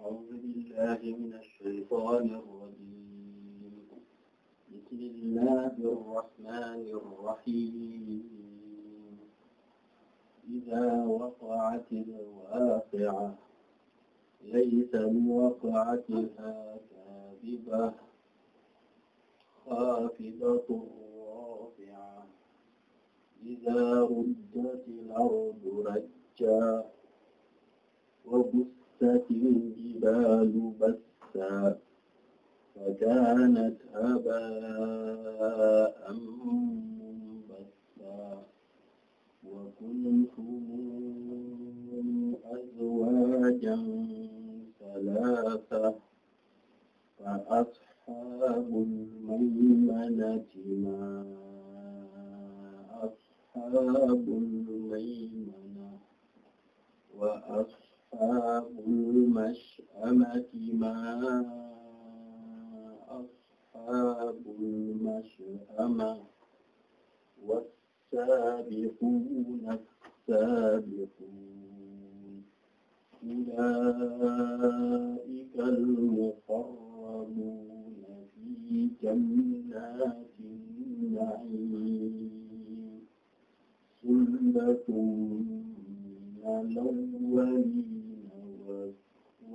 أعوذ بالله من الشيطان الرجيم بسم الله الرحمن الرحيم إذا وقعت الواقعة ليس لوقعتها كاذبة خافضة رافعة إذا ردت الأرض رجا وبست بست الجبال بسا فكانت هباء منبثا وكنتم أزواجا ثلاثة فأصحاب الميمنة ما أصحاب الميمنة وأصحاب أصحاب المشأمة ما أصحاب المشأمة والسابقون السابقون أولئك المقربون في جنات النعيم سلة من الأولين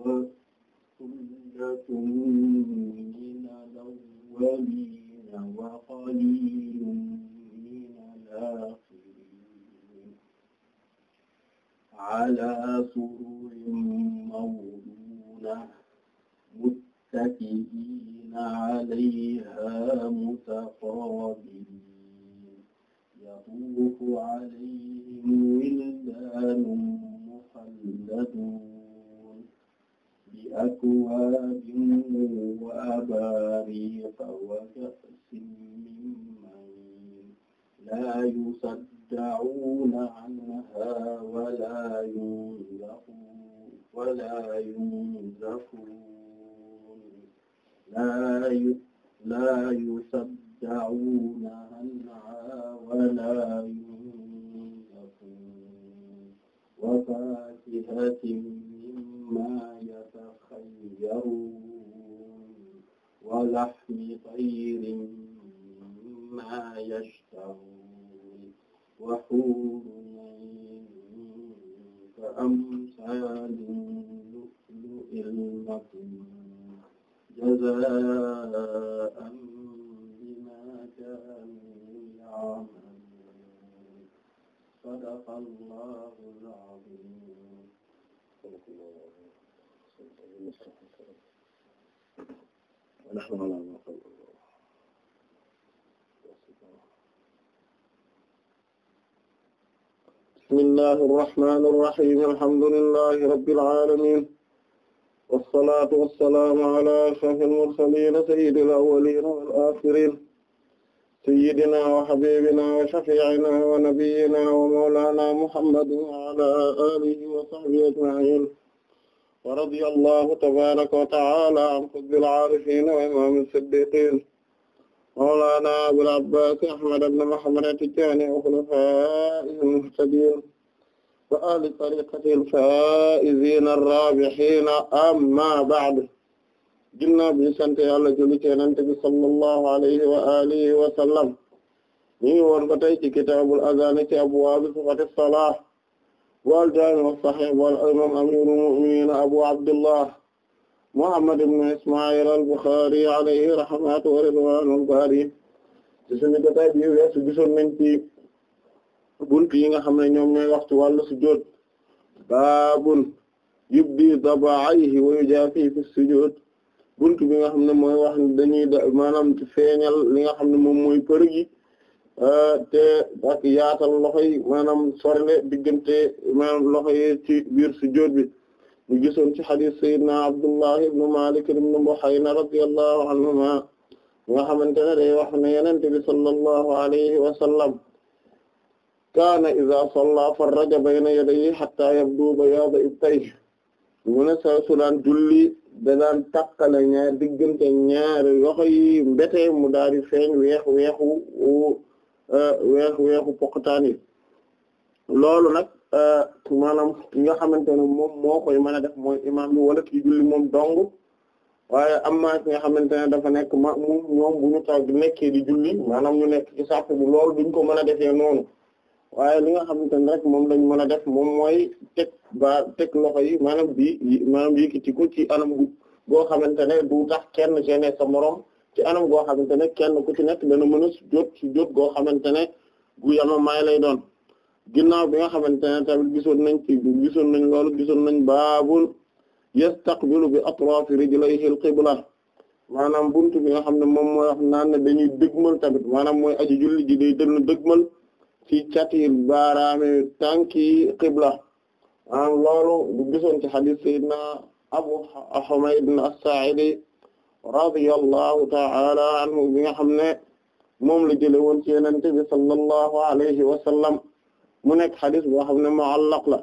وثلة من الأولين وقليل من الآخرين على سرر موضونة متكئين عليها متقابلين يطوف عليهم ولدان مخلدون بأكواب وأباريق وكأس من معين لا يصدعون عنها ولا ينزفون ولا ينزفون لا لا يصدعون عنها ولا ينزفون وفاكهة ما يتخيرون ولحم طير مما يشتهون وحور كأمثال اللؤلؤ المكنون جزاء بما كانوا يعملون صدق الله العظيم ونحن على ما قال الله بسم الله الرحمن الرحيم الحمد لله رب العالمين والصلاة والسلام على أشرف المرسلين سيد الأولين والآخرين سيدنا وحبيبنا وشفيعنا ونبينا ومولانا محمد وعلى آله وصحبه أجمعين wa radiyallahu tabaraka wa ta'ala an qutbil aarifin wa imam as-siddiqin mawlana abul abbas ahmad ibn muhammad at-tijani wa khulafaa'ihi al-muhtadin wa ahli tariqatihi al-faa'izin ar-raabihin amma ba'd ginnaaw bi sant Yàlla julli ci Yonent bi sallallahu alayhi wa alihi wa sallam ñu ngi woon ba tey ci kitaabul adaan ci abwaabi sifati salaah wal jaami as-sahih wal imaam amiirul mu'miniin abu abdillah muhammad ibn isma'il al-Bukhari alayhi rahmatu wa ridwaanul baari ci suñu jotaay bi weesu gisoon nañ ci yi nga xam ne ñoom ñooy wax ci wàllu sujuud baabun yubdi daba'ayhi wa yujaafi fi sujuud bunt bi nga xam ne mooy wax dañuy da maanaam feeñal li nga xam ne moom mooy përëg yi Euh, te ak yaatal loxo yi maanaam sorle diggante maanaam loxo yi ci biir sujjóot bi ñu gisoon ci hadith sayyidina Abdullah ibn Malik ibn Buhayna radiyallahu anhuma nga xamante ne day wax ne yenente bi sallallahu alayhi wa sallam kaana iza salla farraja bayna yadayhi hatta yabdu bayaadu ibtayhi mu ne su daan julli da daan tàqale ñaar diggante ñaari loxo yi mbete mu daal di weex weexu weex weexu poqataan yi loolu nag euh, maanaam nga xamante ne moom moo koy mën a def mooy imam bi wala ki julli moom dong waaye am na nga xamante ne dafa nekk ma mu ñoom bu ñu taw di nekkee di julli maanaam ñu nekk ci sàpp bi loolu ko mën a defee noonu waaye li nga xamante ne rek moom lañ mën a def moom mooy teg ba teg loxo yi maanaam bi maanaam yëkkati ko ci anam gu boo xamante ne du tax kenn gêné sa morom ci anam goo xamante ne kenn ku ci nekk dana mën a jot jot goo xamante ne gu yama may lay doon ginnaaw bi nga xamante ne tamit gisoon nañ ci gisoon nañ loolu gisoon nañ baabul yastaqbilu bi atrafi rijlayhi al-qibla maanaam buntu bi xam ne moom mooy wax naan ne dañuy dëgmal tamit maanaam mooy aji julli ji day dënn dëgmal ci cati baaraame tànki qibla maanaam loolu gisoon ci hadith na Abu Humayd ibn as-Sa'idi radiyallahu ta'ala anhu bi nga xam ne moom la jëlee woon ci Yonent bi sallallahu alayhi wa sallam mu nekk xadis boo xam ne mu'allaq la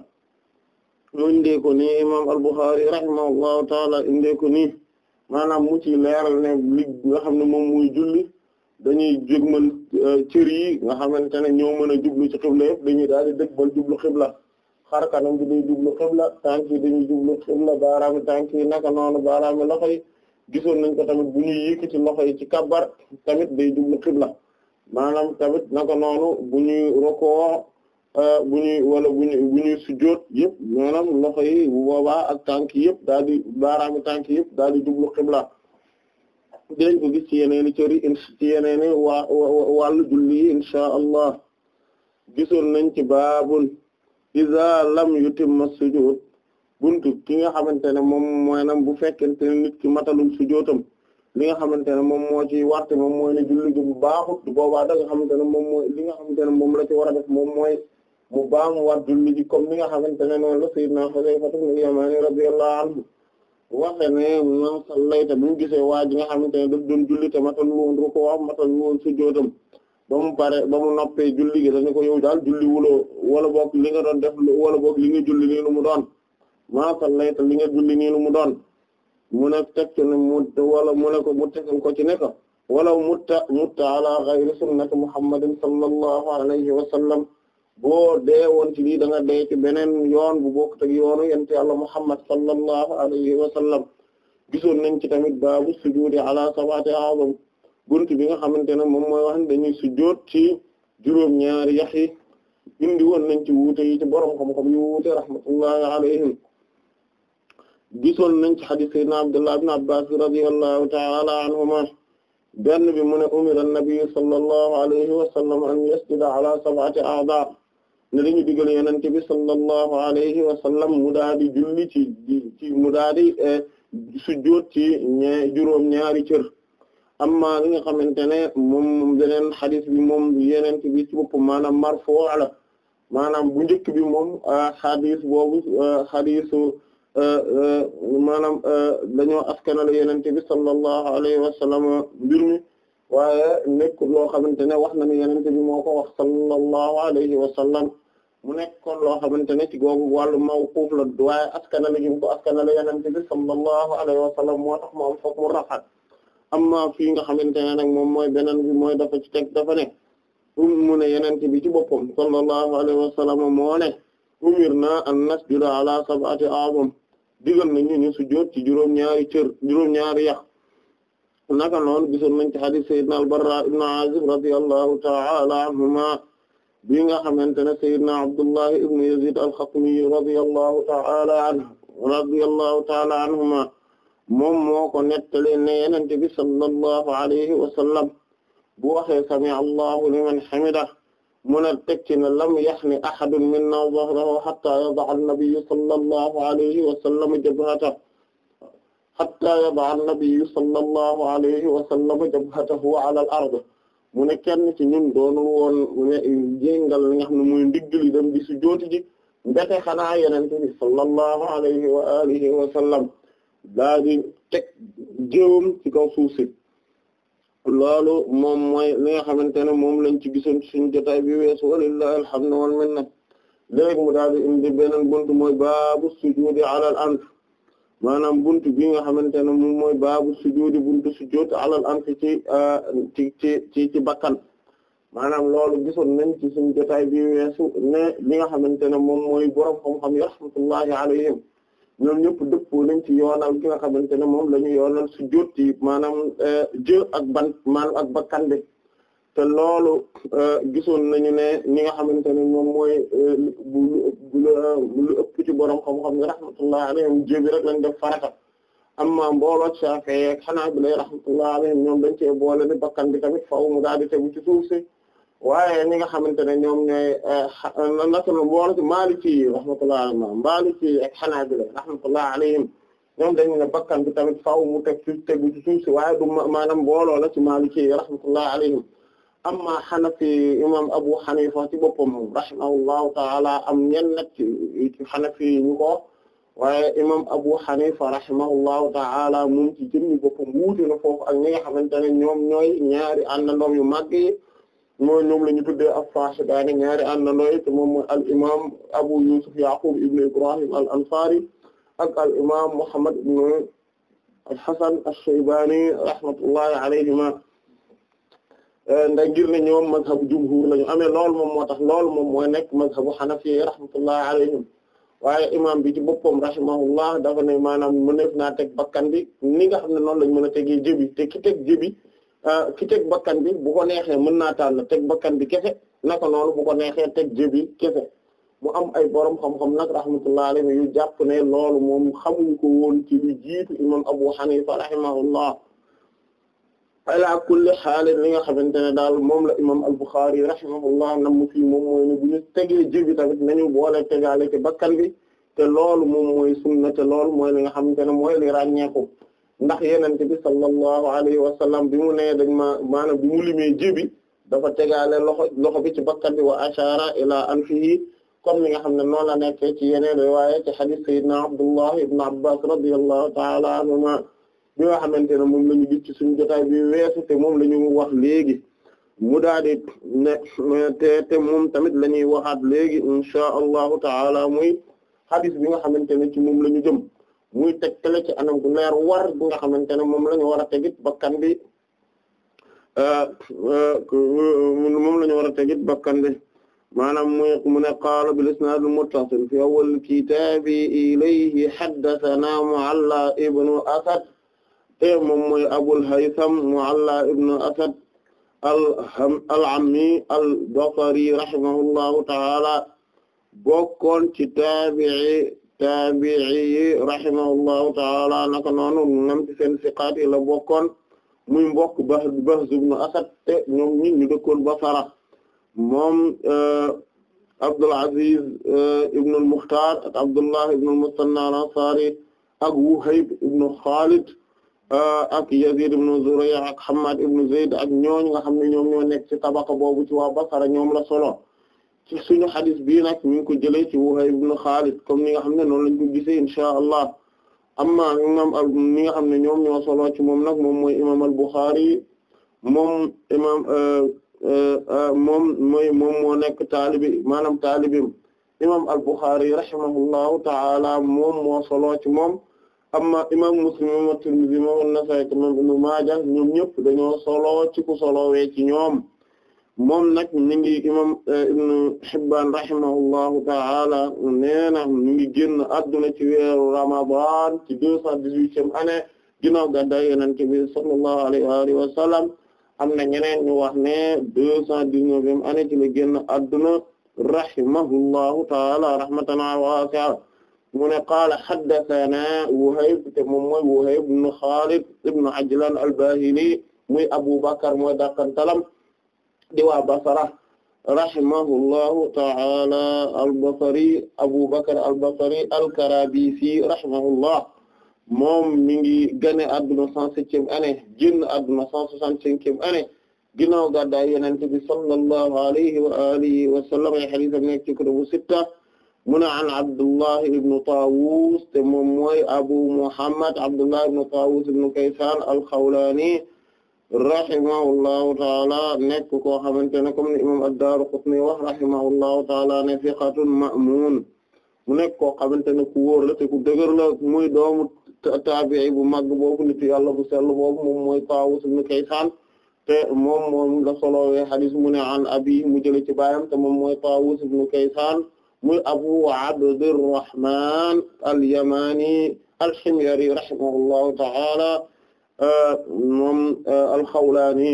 mu indee ko nii imaam al-Bukhari rahimahullahu ta'ala indee ko nii maanaam mu ci leeral ne li nga xam ne moom muy julli dañuy jëgmal euh, cër yi nga xamante ne ñoo mën a jublu ci xibla yëpp dañuy daal di dëgbal jublu xibla xar kanam bi day jublu xibla tànk yi dañuy jublu xibla baaraami tànk yi naka noonu baaraami loxo yi gisoon nañ ko tamit bu ñuy yëkkati loxo yi ci kabbar tamit day jublu xibla maanaam tamit naka noonu bu ñuy rokoo euh, bu ñuy wala bu ñuy bu ñuy sujjóot yëpp maanaam loxo yi bu boobaa ak tànk yëpp daal di baaraami tànk yëpp daal di jublu xibla dinañ ko ci yeneeni cëri ci yeneeni waa gisoon nañ ci baabun iza lam yutimma sujud buntu ki nga xamante ne moom mooy nam bu fekkente ne nit ki matalul sujootam li nga xamante ne moom moo ci warte moom mooy ne julli gi bu baaxut boobaa da nga xamante ne moom mooy li nga xamante ne moom la ci war a def moom mooy mu mu war julli ji comme li nga xamante ne noonu la sayyidna Xudayfa ibn Yamaani radiyallahu anhu waxe ne man sallayta bi mu gisee waa ji nga xamante ne daf doon julli mata matal woon rukkoo matal woon sujootam ba mu pare ba mu noppee julli gi dañu ko yow daal julli wuloo wala boog li nga doon def wala boog li nga julli nii lu mu doon maa sallayta li nga julli nii lu mu doon mu ne teg ci ne mu wala mu ne ko mu tegal ko ci ne ko wala mutta mutta ala ghayri sunnati muhammadin sallallahu alayhi wa sallam boo dee woon ci lii da nga dee ci beneen yoon bu bokk teg yoonu yonent Yàlla muhammad sallallahu alayhi wa sallam gisoon nañ ci tamit baabu sujuudi ala sab'ati a'zam bunt bi nga xamante ne moom mooy wax ne dañuy sujoot ci juróom-ñaari yax yi indi woon nañ ci wuute yi ci borom xam-xam yu wuute alayhim gisoon nañ ci hadith sayyidina Abdullah ibn Abbas radiyallahu ta'ala anhuma benn bi mu ne umira an-nabi sallallahu alayhi wa sallam an yasjuda ala sab'ati a'dha ne dañu digal yonent bi sallallahu alayhi wa sallam mu daadi julli ci ci mu daadi eh, sujjóot ci ñe juróom ñaari cër li nga xamante ne moom beneen bi moom yonent bi ci bopp maanaam marfu' la maanaam bu njëkk bi moom hadith ah, boobu hadithu ah, Euh, euh, maanaam euh, dañoo askanale yenente bi sallallahu alayhi wa sallam mbir mi waaye nekk loo xamante wax na ni yenente bi moo ko wax sallallahu alayhi wa sallam mu nekk kon loo xamante ne ci googu wàllu mawquuf la waaye askanale gi mu ko askanale yenente bi sallallahu alayhi wa sallam moo tax moom foog mu rafaat amma fii nga xamante ne nag moom mooy benan bi mooy dafa ci teg dafa ne um, mu ne yenente bi ci boppam sallallahu alayhi wa sallam moo ne umirna an nasjuda a sab'ati a'zam digal nañu ñu sujjóot ci juróom-ñaari cër juróom-ñaari yàq naka noonu gisoon nañ ci hadith Seydina al-Barra ta'ala anhuma bi nga xamante ne Seydina Abdullah ibn Yazid al ta'ala anhuma moom moo ko nettali ne Yonent bi sallallahu alayhi wa sallam bu waxee sami'a Allahu liman hamidah mun a teg ci ne lam yaxni ahadun minna zahrahu hatta yada'a an-nabiyyu sallallahu alayhi wa sallam jabhatahu hatta yada'a an-nabiyyu sallallahu alayhi wa sallam jabhatahu ala al-ard mu ne kenn ci ñun doonul woon jéngal li nga xam ne muy ndiggali dem di su jooti ji mbete xanaa yenente bi sallallahu alayhi wa alihi wa sallam daa di teg jëwam ci kaw suuf si loolu moom moy li nga xamante ne moom lañ ci gisoon ci suñu jotaay bi weesu walillahi alhamdu wal minna léegi mu daal di indi beneen buntu mooy baabu sujuudi alal anf maanaam buntu bi nga xamante ne moom mooy baabu sujuudi buntu sujuud alal anf ci ci ci ci ci bakkan maanaam loolu gisoon nañ ci suñu jotaay bi weesu ne li nga xamante ne moom mooy borom xam-xam yi rahmatullahi alayhim ñoom ñëpp dëppoo nañ ci yoonal ki nga xamante ne moom la ñu yoonal sujjóot yi maanaam euh, jë ak ban maanaam ak bakkan bi te loolu euh, gisoon nañu ne ñi nga xamante ne moom mooy euh, lu ëpp ci borom xam-xam nga rahmatullah alayhim jébi rek lañ def farata amma mbooloo Shafi'i ak Hanabila rahmatullah alayhim ñoom dañ cee boole ne bakkan bi tamit faaw mu daal di tegu ci suuf si waaye ñi nga xamante ne ñoom ñooy eh, naka la boole ci Maliki yi rahmatullah alayhim Maliki yi ak Hanabila rahmatullah alayhim ñoom dañu ne bakkan bi tamit faaw mu teg ci tegu ci si waaye du maanaam booloo la ci Maliki yi rahmatullah alayhim amma Hanafi imam Abu Hanifa ci boppam rahimahullahu ta'ala am ñenn nag ci ci Hanafi yi ñu ko waaye imam Abu Hanifa rahimahullahu ta'ala moom ci jëmmi boppam wuute na foofu ak ñi nga xamante ne ñoom ñooy ñaari àndandoom yu màgg yi mooy ñoom la ñu tuddee as-Saashitaani ñaari àndandoo it moom mooy al imaam Abu Yusuf Yaqub ibn Ibrahim al Ansari ak al imaam Muhammad ibn al Hasan ash-Shaybaani rahmatullahi alayhima ndax ne ñoom mazhabu jumhur la ame lool moom moo tax loolu moom mooy nekk mazhabu Hanafi rahmatullahi alayhim waaye imam bi ci boppam rahimahullah dafa ne maanaam mëneef naa teg bakkan bi ni nga xam ne noonu lañ mën a tegee jëbi te ki teg jëbi Ah, ki teg bakkan bi bu ko neexee mën naa na teg bakkan bi kese naka noonu bu ko neexee teg jëbi kefe mu am ay borom xam-xam nag rahmatullahi alayhi yu jàpp ne loolu moom xamuñ ko woon ci lu jiitu imam Abu Hanifa rahimahullah ala kulli xaal li nga xamante ne daal moom la imam al-Bukhari rahimahullah nam mu fii moom mooy ne bu ñu tegee jëbi tamit nañu boole tegaale ci bakkan bi te loolu moom mooy sunna te loolu mooy li nga xamante ne mooy li ràññeeku. ndax yenente bi sallallahu alayhi wa sallam bi mu nee dañ ma maanaam bi mu limee jébi dafa tegaale loxo loxo bi ci bakkan bi wa ashara ila anfihi comme ni nga xam ne noonu la nekkee ci yeneen riwaaya ci hadith sayyidina Abdullah ibn Abbas radiyallahu ta'ala anhuma bi nga xamante ne moom la ñu gis ci suñu jotaay bi weesu te moom la ñu wax léegi mu daal di ne te te tamit la ñuy waxaat léegi insha allahu ta'ala muy hadith bi nga xamante ne ci moom la ñu jëm muy tegtale ci anam gu leer war bi nga xamante ne moom la ñu war a tegit bakkan bi euh, euh, moom la ñu war a tegit bakkan bi maanaam muy mu ne qaala bil isnaad al muttasil fi awwal kitaabi ilayhi haddathana mu'alla ibnu asad te moom mooy abul haytham mu'alla asad al ammi al basri rahimahullahu ta'ala bokkoon ci taabi'i taabi'i rahimahullahu ta'ala naka noonu nam ci seen siqaat yi la bokkoon muy mbokk Bahz ibn Asad te ñoom ñi ñu dëkkoon Basra moom eh, Abdul Aziz eh, ibn ak Abdullah ibn al-Musanna ak Wuhayb ibn Khalid eh, ak Yazid ibn Zuray' ak Hammad ibn Zayd ak ñooñ nga xam ne ñoom ñoo nekk ci tabaqa boobu ci waa Basra ñoom la solo ci suñu xadis bii nag ñu ngi ko jëlee ci Wuhayb ibn Xaalid comme ni nga xam ne noonu lañ ko gisee inchaa allah amma imam ni nga xam ne ñoom ñoo solo ci moom nag moom mooy imam al-Bukhari moom imam euh, euh, euh, moom mooy moom moo nekk taalibi maanaam taalibim imam al-Bukhari rahimahullahu taala moom moo solo ci moom amma imam Muslim imam at-Tirmidhi imam an-Nasa'i imam Ibn Maaja ñoom ñëpp dañoo solo ci ku solowee ci ñoom moom nag mi ngi imam eh, ibnu Hibbaan rahimahullahu ta'ala nee na mi ngi génn adduna ci weeru Ramadan ci deux cent dix-huitième année ginnaaw gàddaay Yonent bi sallallahu alayhi wa alihi wa sallam am na ñeneen ñu wax ne deux cent dix-neuvième année ci la génn adduna rahimahullahu ta'ala rahmatan waasi'a mu ne qaala haddathanaa Wuhayb te moom mooy Wuhayb ibn Xaalid ibn Ajlaan al-Baahili muy Abu Bakr mooy dakantalam di waa Basra rahimahullahu ta'ala al-Basri Abu Bakr al-Basri al-Karabisi rahimahullah moom mi ngi gane adduna cent septième année génn adduna cent soixante-cinquième année ginnaaw gàddaay Yonent bi sallallahu alayhi wa alihi wa sallam ay hadith am nekk ci kutubu sitta mu ne an Abdullah ibn Tawus te moom mooy Abu Muhammad Abdullah ibn Tawus ibn Kaysan al-Khawlani rahimahullahu taala nekk koo xamante ne comme ni imam ad-Daaraqutni wax rahimahullahu taala ne thiqatun ma'mun mu nekk koo xamante ne ku wóor la te ku dëgër la muy doomu taabi'i bu mag boobu nit yàlla bu sell boobu moom mooy Taawus ibn Kaysaan te moom moom la solowee hadis mu ne an abi mu jële ci baayam te moom mooy Taawus ibn Kaysaan muy Abu Abdirrahman al-Yamani al-Himyari rahimahullahu taala moom euh, alxawlaani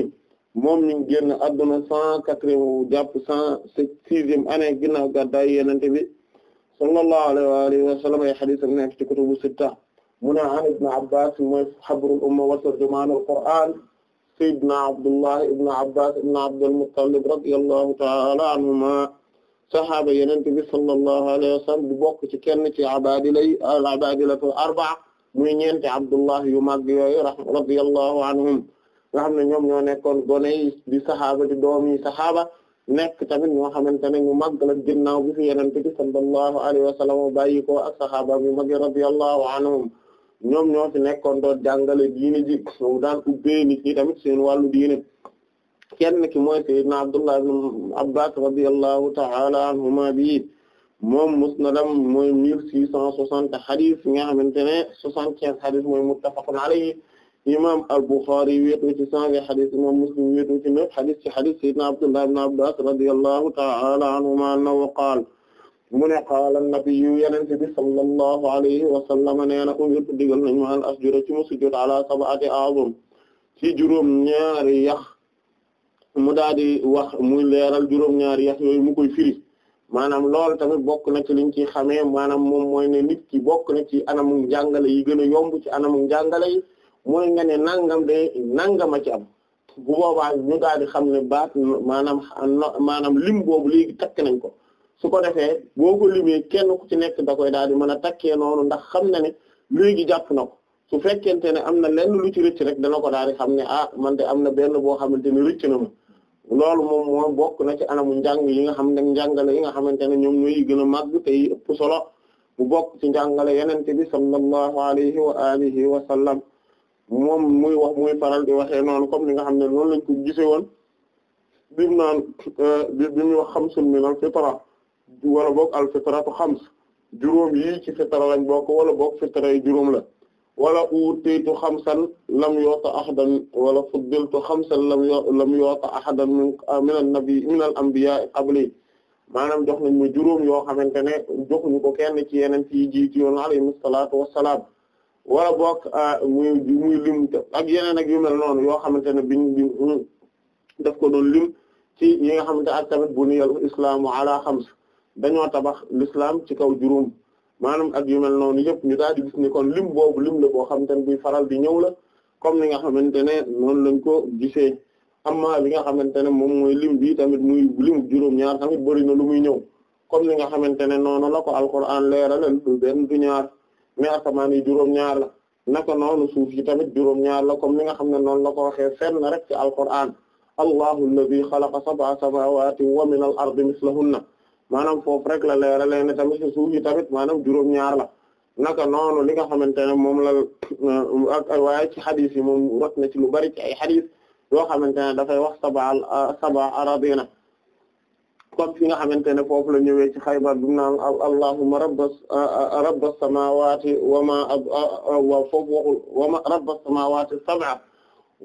moom ñu génn adduna cent quatrième jàpp cent sixième année ginnaaw gàddaay yenente bi sallallahu alayhi wa alihi wa sallam ay hadith am nekk ci kutubu sitta mu ne an ibn abbas mooy habrul umma wa tarjumaanul qur'aan sayyidina abdullah ibn abbas ibn abdul muttalib radiyallahu ta'ala anhuma sahaaba yenente bi sallallahu alayhi wa sallam di bokk ci kenn ci abadilay al abadilatul arba'a muy ñeenti abdullah yu mag yooyu radiyallahu anhum nga xam ñoom ñoo nekkoon gone yi di saxaaba di doom yi saxaaba nekk tamit ñoo xamante ne ñu mag la ginnaaw bi fi yenente ak saxaaba yu mag yi radiyallahu anhum ñoom ñoo fi nekkoon doon jàngale diine ji mu daan ubbee nit tamit seen wàllu diine kenn ki mooy na abdullah ibn abbas radiyallahu ta'ala anhuma bi moom musnadam mooy mille six cent soixante xadis yi nga xamante ne soixante quinze xadis mooy muttafaqun alayhi imam al-Bukhari wéetoo ci cent vingt xadis imam Muslim wéetoo ci neuf xadis ci xadis sayyidina Abdullah ibn Abbas radiyallahu ta'ala anhuma annahu qaala mu ne qaala an-nabiyyu yonent sallallahu alayhi wa sallam nee na umirtu digal nañu ma an asjuda ci mu sujjóot ala sab'ati juróom ñaari yax mu wax muy leeral juróom ñaari yax yooyu firi maanaam loolu tamit bokk na ci liñ ci xamee maanaam moom mooy ne nit ki bokk na ci anamu njàngale yi gën a yomb ci anamu njàngale yi mooy nga ne nangam de a ci am bu boobaa ñu daal di xam ne baat maanaam maanaam lim boobu léegi takk nañ ko su ko defee boo ko limee kenn ku ci nekk da koy daal di mën a takkee noonu ndax xam na ne léegi jàpp na ko su fekkente ne am na lenn lu ci rëcc rek dana ko daal di xam ne ah man de am na benn boo xamante ni rëcc na ma loolu moom moo bokk na ci anamu njàng yi nga xam ne njàngale yi nga xamante ne ñoom ñooy gën a màgg te yi ëpp solo bu bokk ci njàngale yenente bi sallallahu alayhi wa alihi wa sallam moom muy wax muy faral di waxee noonu comme li nga xam ne noonu lañ ko gisee woon euh, bi mu naan bi mu wax xamsun min al fitra wala boog al fitratu xams juróom yi ci fitra lañ bokk wala boog fitra yi juróom la wala utaytu xamsan lam yu'ta ahadan wala fuddiltu xamsan lam lam yu'ta ahadan min an-nabi min al-anbiya qabli maanaam jox nañ ma juróom yoo xamante ne joxuñu ko kenn ci yeneen ci jiitu yoon alayhi salaatu wassalaam wala boog ah, muy muy lim ak yeneen a yu mel noonu yoo xamante ne biñ biñ mm, daf ko doon lim ci yi nga xamante ak tamit buniyal islaamu ala xams dañoo tabax l'islam ci kaw juróom maanaam ak yu mel noonu yëpp ñu daal di gis lim boobu lim la boo xamante ne buy faral di ñëw la comme ni nga xamante ne noonu lañ ko gisee amma li nga xamante ne moom mooy lim bi tamit muy limu juróom-ñaar tamit bëri na lu muy ñëw comme ni nga xamante ne noonu la ko alquran leeralal du benn du ñaar mais asamaan yi juróom-ñaar la naka noonu suuf yi tamit juróom-ñaar la comme ni nga xam ne noonu la ko waxee fenn rek ci alquran allahu alladhi xalaqa sab'a samawati wa min al ardi mislahunna maanaam foofu rek la leeralee ne tamit suuf tamit maanaam juróom-ñaar naka noonu li nga xamante ne moom la euh, ak ci xadis yi moom rot na ci lu bari ci ay xadis yoo xamante ne dafay wax sabal saba euh, aradina comme fi nga xamante ne foofu la ñëwee ci xayba bi naan allahumma rabba euh, rabba samawati wama wa foofu waxul wama rabba samawati sab'a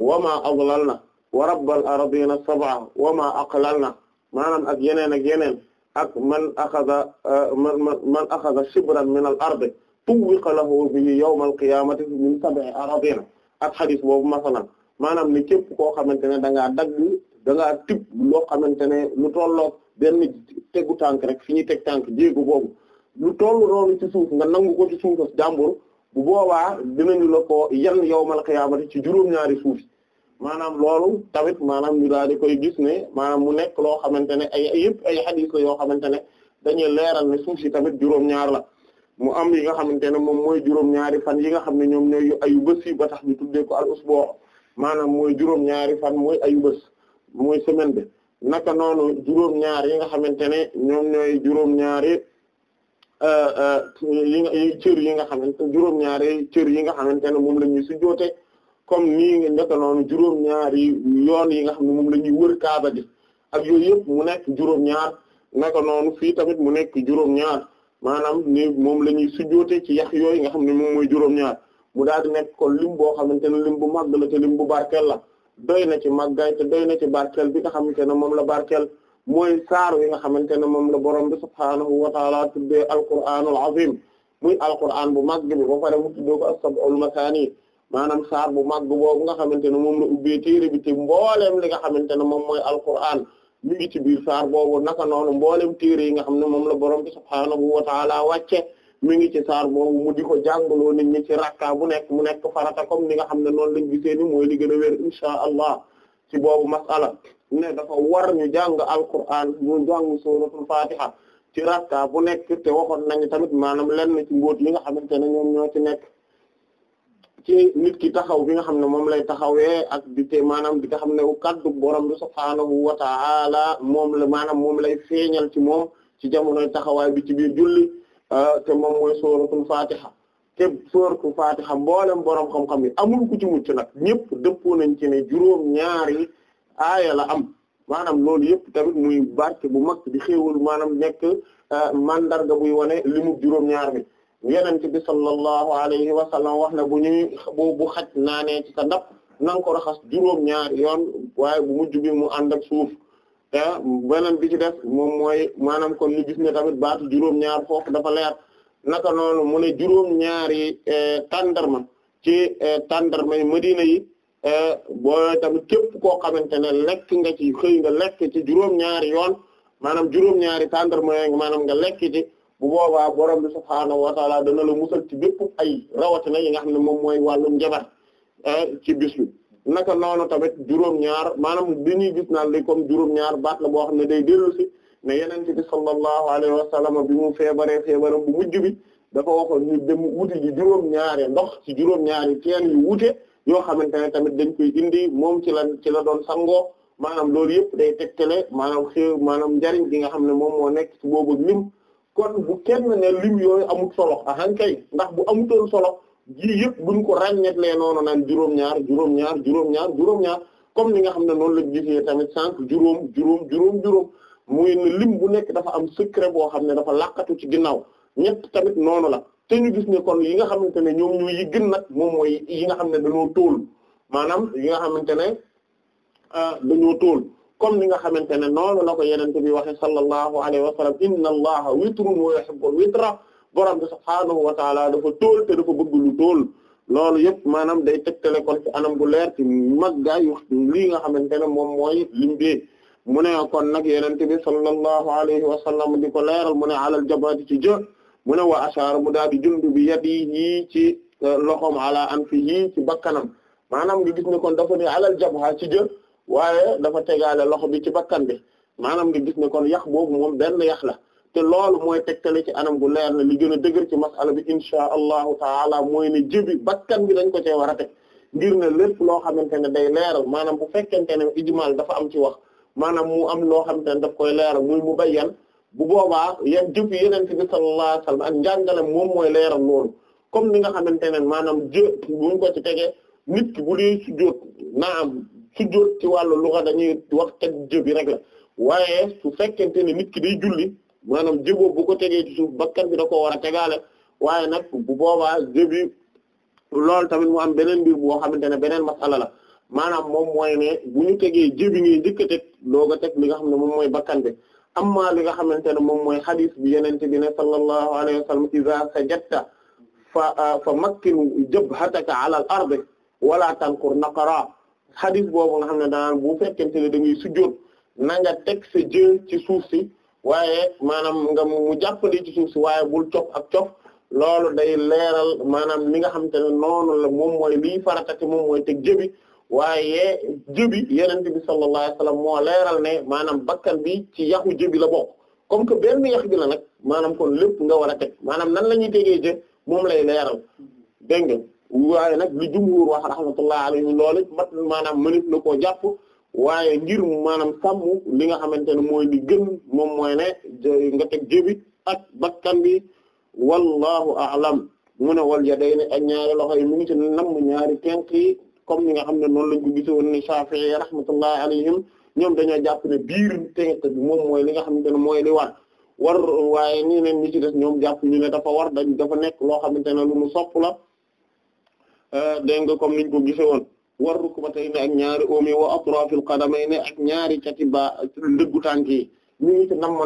wama adlalna wa wama aqlalna maanaam ak yeneen ak yeneen ak man axaza euh, man man axaza shibran min al ardi tuwwiqa lahu bihi yawm al qiyamati min sab'i aradin ak xadis boobu masalan maanaam ni képp koo xamante ne da ngaa dagg da ngaa tib loo xamante ne lu tolloog benn tegu tànk rek fi ñuy teg tànk jéegu boobu lu toll noonu ci suuf nga nangu ko ci suuf jàmbur bu boobaa dinañu la ko yan yawmal qiyaamati ci juróom-ñaari suuf yi maanaam loolu tamit maanaam ñu daal di koy gis ne maanaam mu nekk loo xamante ne ay yëpp ay xadiis yoo xamante ne dañuy leeral ne suuf si tamit juróom-ñaar la mu am yi nga xamante ne moom mooy juróom-ñaari fan yi nga xam ne ñoom ñooy ayu bés yi ba tax ñu tuddee ko al maanaam mooy juróom-ñaari fan mooy ayu bés mooy semaine bi naka noonu juróom-ñaar yi nga xamante ne ñoom ñooy juróom-ñaari euh, euh, yi nga cër yi nga xamante juróom cër yi nga xamante ne moom la ñuy sujjóote comme nii nga naka noonu juróom-ñaari yoon yi nga xam ne moom la ñuy wër kaaba gi ak yooyu yëpp mu nekk juróom-ñaar naka noonu fii tamit mu nekk juróom-ñaar maanaam moom la ñuy sujoote ci yax yooyu nga xam ne moom mooy juróom-ñaar mu daal nekk ko lim boo xamante ne lim bu màgg la te lim bu barkeel la doy na ci màggaay te doy na ci barkeel bi nga xamante ne moom la barkeel mooy saar wi nga xamante ne moom la borom bi subhaanahu wa taala tuddee alquraanul azim muy alquraan bu màgg bi ba pare mu tuddoo ko as-sab'ul maanaam saar bu mag boobu nga xamante ne moom la ubbee téere bi te mbooleem li nga xamante ne moom mooy alquran mi ngi ci biir saar boobu naka noonu mbooleem téere yi nga xam ne moom la borom bi subhaanahu wa taala wàcce mi ngi ci saar boobu mu di ko jàngaloo nit ñi ci rakka bu nekk mu nekk farata comme nga xam ne noonu lañ gisee ni mooy li gën a wér insha allah ci boobu masala ne dafa war ñu jàng alquran ñu jàng suratul fatiha ci rakka bu nekk te waxoon nañu tamit maanaam lenn ci mbóot yi nga xamante ne ñoom ñoo ci nekk ci nit ki taxaw bi nga xam ne moom lay taxawee ak di te maanaam di nga xam ne kaddu borom bi subhaanahu wa ta'ala moom la maanaam moom lay feeñal ci moom ci jamonoy taxawaay bi ci biir julli ah, te moom mooy sóoratul fatiha te sóoratul fatiha mboolem borom xam-xam yi amul ku ci mucc nag ñëpp dëppoo nañ ci ne juróom ñaari aaya la am maanaam loolu yëpp tamit muy barke bu mag di xéewal maanaam nekk ah, mandarga buy wane limu juróom-ñaar bi yenente bi sallallahu alayhi wa sallam wax na bu ñuy bu bu xaj naanee ci sa ndab na ko raxas juróom ñaari yoon waaye bu mujj bi mu ànd ak suuf te beneen bi ci def moom mooy maanaam kon ñu gis ne tamit baatu juróom ñaar foofu dafa leer naka noonu mu ne juróom ñaari e, tàndarma ci e, tàndarma yi Madina yi e, boo tamit képp koo xamante ne lekk nga ci xëy nga lekk ci juróom ñaari yoon maanaam juróom ñaari tàndarma yooyu maanaam nga lekk ci bu boobaa borom bi subhaanahu wa taala dana la musal ci bépp ay rawatina yi nga xam ne moom mooy wàllum njabar eh, ci bis naka noonu tamit juróom-ñaar maanaam dañuy gis naan li comme juróom-ñaar baat la boo xam ne day dellu si ne yenente bi sallallahu alayhi wa sallam bi mu feebaree feebaram bu mujj bi dafa waxoon ñu dem wuti ji juróom-ñaari ndox ci juróom-ñaari teen yu wute yoo xamante ne tamit dañ koy indi moom ci la ci la doon sangoo maanaam loolu yëpp day tegtale maanaam xew maanaam njariñ gi nga xam ne moom moo nekk ci boobu lim kon bu kenn ne lim yooyu amul solo ahan kay ndax bu amutoon solo ji yëpp buñ ko ràññeetlee noonu naan juróom-ñaar juróom-ñaar juróom-ñaar ñaar comme ni nga xam ne noonu la gisee tamit sànq juróom juróom juróom juróom muy ne lim bu nekk dafa am secret boo xam ne dafa làqatu ci ginnaaw ñett tamit noonu la te ñu gis ne kon yi nga xamante ne ñoom ñoo yi gën nag moom mooy yi nga xam ne dañoo tóol maanaam yi nga xamante ne ah, dañoo tóol comme ni nga xamante ne noonu la ko yenente bi waxe sallallahu alayhi wa sallam inna allaha witrun wa yuhibbul witra borom bi subhaanahu wa taala dafa tool te dafa bëgg lu tóol loolu yëpp maanaam day tegtale kon ci anam bu leer ci maggaayu lii nga xamante ne moom mooy lim bi mu ne kon nag yenente bi sallallahu alayhi wa sallam di ko leeral mu ne alal jabaati ci jë mu ne wa ashaara mu daal di jund bi yat yi yii ci eh, loxom ala an fi yii ci bakkanam maanaam gi gis ne kon dafa ne alal jabha ci jë waaye dafa tegaale loxo bi ci bakkan bi maanaam nga gis ne kon yax boobu moom benn yax la te loolu mooy tegtale ci anam gu leer na li gën a dëgër ci masala bi insha allahu taala mooy ne jëbi bakkan bi dañ ko cee war a teg ngir ne lépp loo xamante ne day leeral maanaam bu fekkente ne ijmal dafa am ci wax maanaam mu am loo xamante ne daf koy leeral muy mu bayyan bu boobaa yan jëf yenente bi sallallahu alayhi wasallam ak njàngalem moom mooy leeral loolu comme ni nga xamante ne maanaam jë buñ ko ci tege nit ki bu dee sujjóot naam sujjóot ci wàllu luxa dañuy wax teg jë bi rek la waaye su fekkente ne nit ki day julli maanaam jëboo bu ko tegee ci bakkan bi da ko war a tegaale waaye nag bu boobaa jëbi loolu tamit mu am beneen mbir boo xamante ne beneen masala la maanaam moom mooy ne bu ñu tegee jëbi ngay njëkk a teg doog nga xam ne moom mooy bakkan bi amma li nga xamante ne moom mooy xadis bi yenente bi ne sallallahu alayhi wa sallam iza sajadta fa fa makkin jabhataka ala al ardi wala tankur naqara xadis boobu nga xam ne daan bu fekkente ne da ngay sujjóot na nga teg sa jë ci suuf si waaye maanaam nga mu jàppale ci suuf si waaye bul cof ak cof loolu day leeral maanaam mi nga xamante ne noonu la moom mooy lii faratati moom mooy teg jëbi waaye jëbi yeneen bi sallallahu alayhi wasallam moo leeral ne maanaam bakkan bi ci yaxu jëbi la bokk comme que benn yax bi la nag maanaam kon lépp nga war a teg maanaam nan la ñuy tegee jë moom lay leeral dégg nga waaye nag li jumhur wax rahmatullah alayhi loolu mat maanaam mënit na koo jàpp waaye ngir maanaam sàmm li nga xamante ne mooy li gën moom mooy ne nga teg jëbi ak bakkan bi wallahu a'lam mu ne wal yadayni ak ñaari loxo yi mu ngi ci namm ñaari tenk yi comme ni nga xam ne noonu lañ ko gisoon ni Shafi'i rahmatullah alayhim ñoom dañoo jàpp ne biir tenk bi moom mooy li nga xamante ne mooy li war war waaye ñeneen ñi ci des ñoom jàpp ñu ne dafa war dañ dafa nekk loo xamante ne lu mu sopp la Euh, dégg nga comme niñ ko gisee woon war rukbatayni ak ñaari oom yi wa atrafil qadamayni ak ñaari cati ba ndëggu tànk yi ñu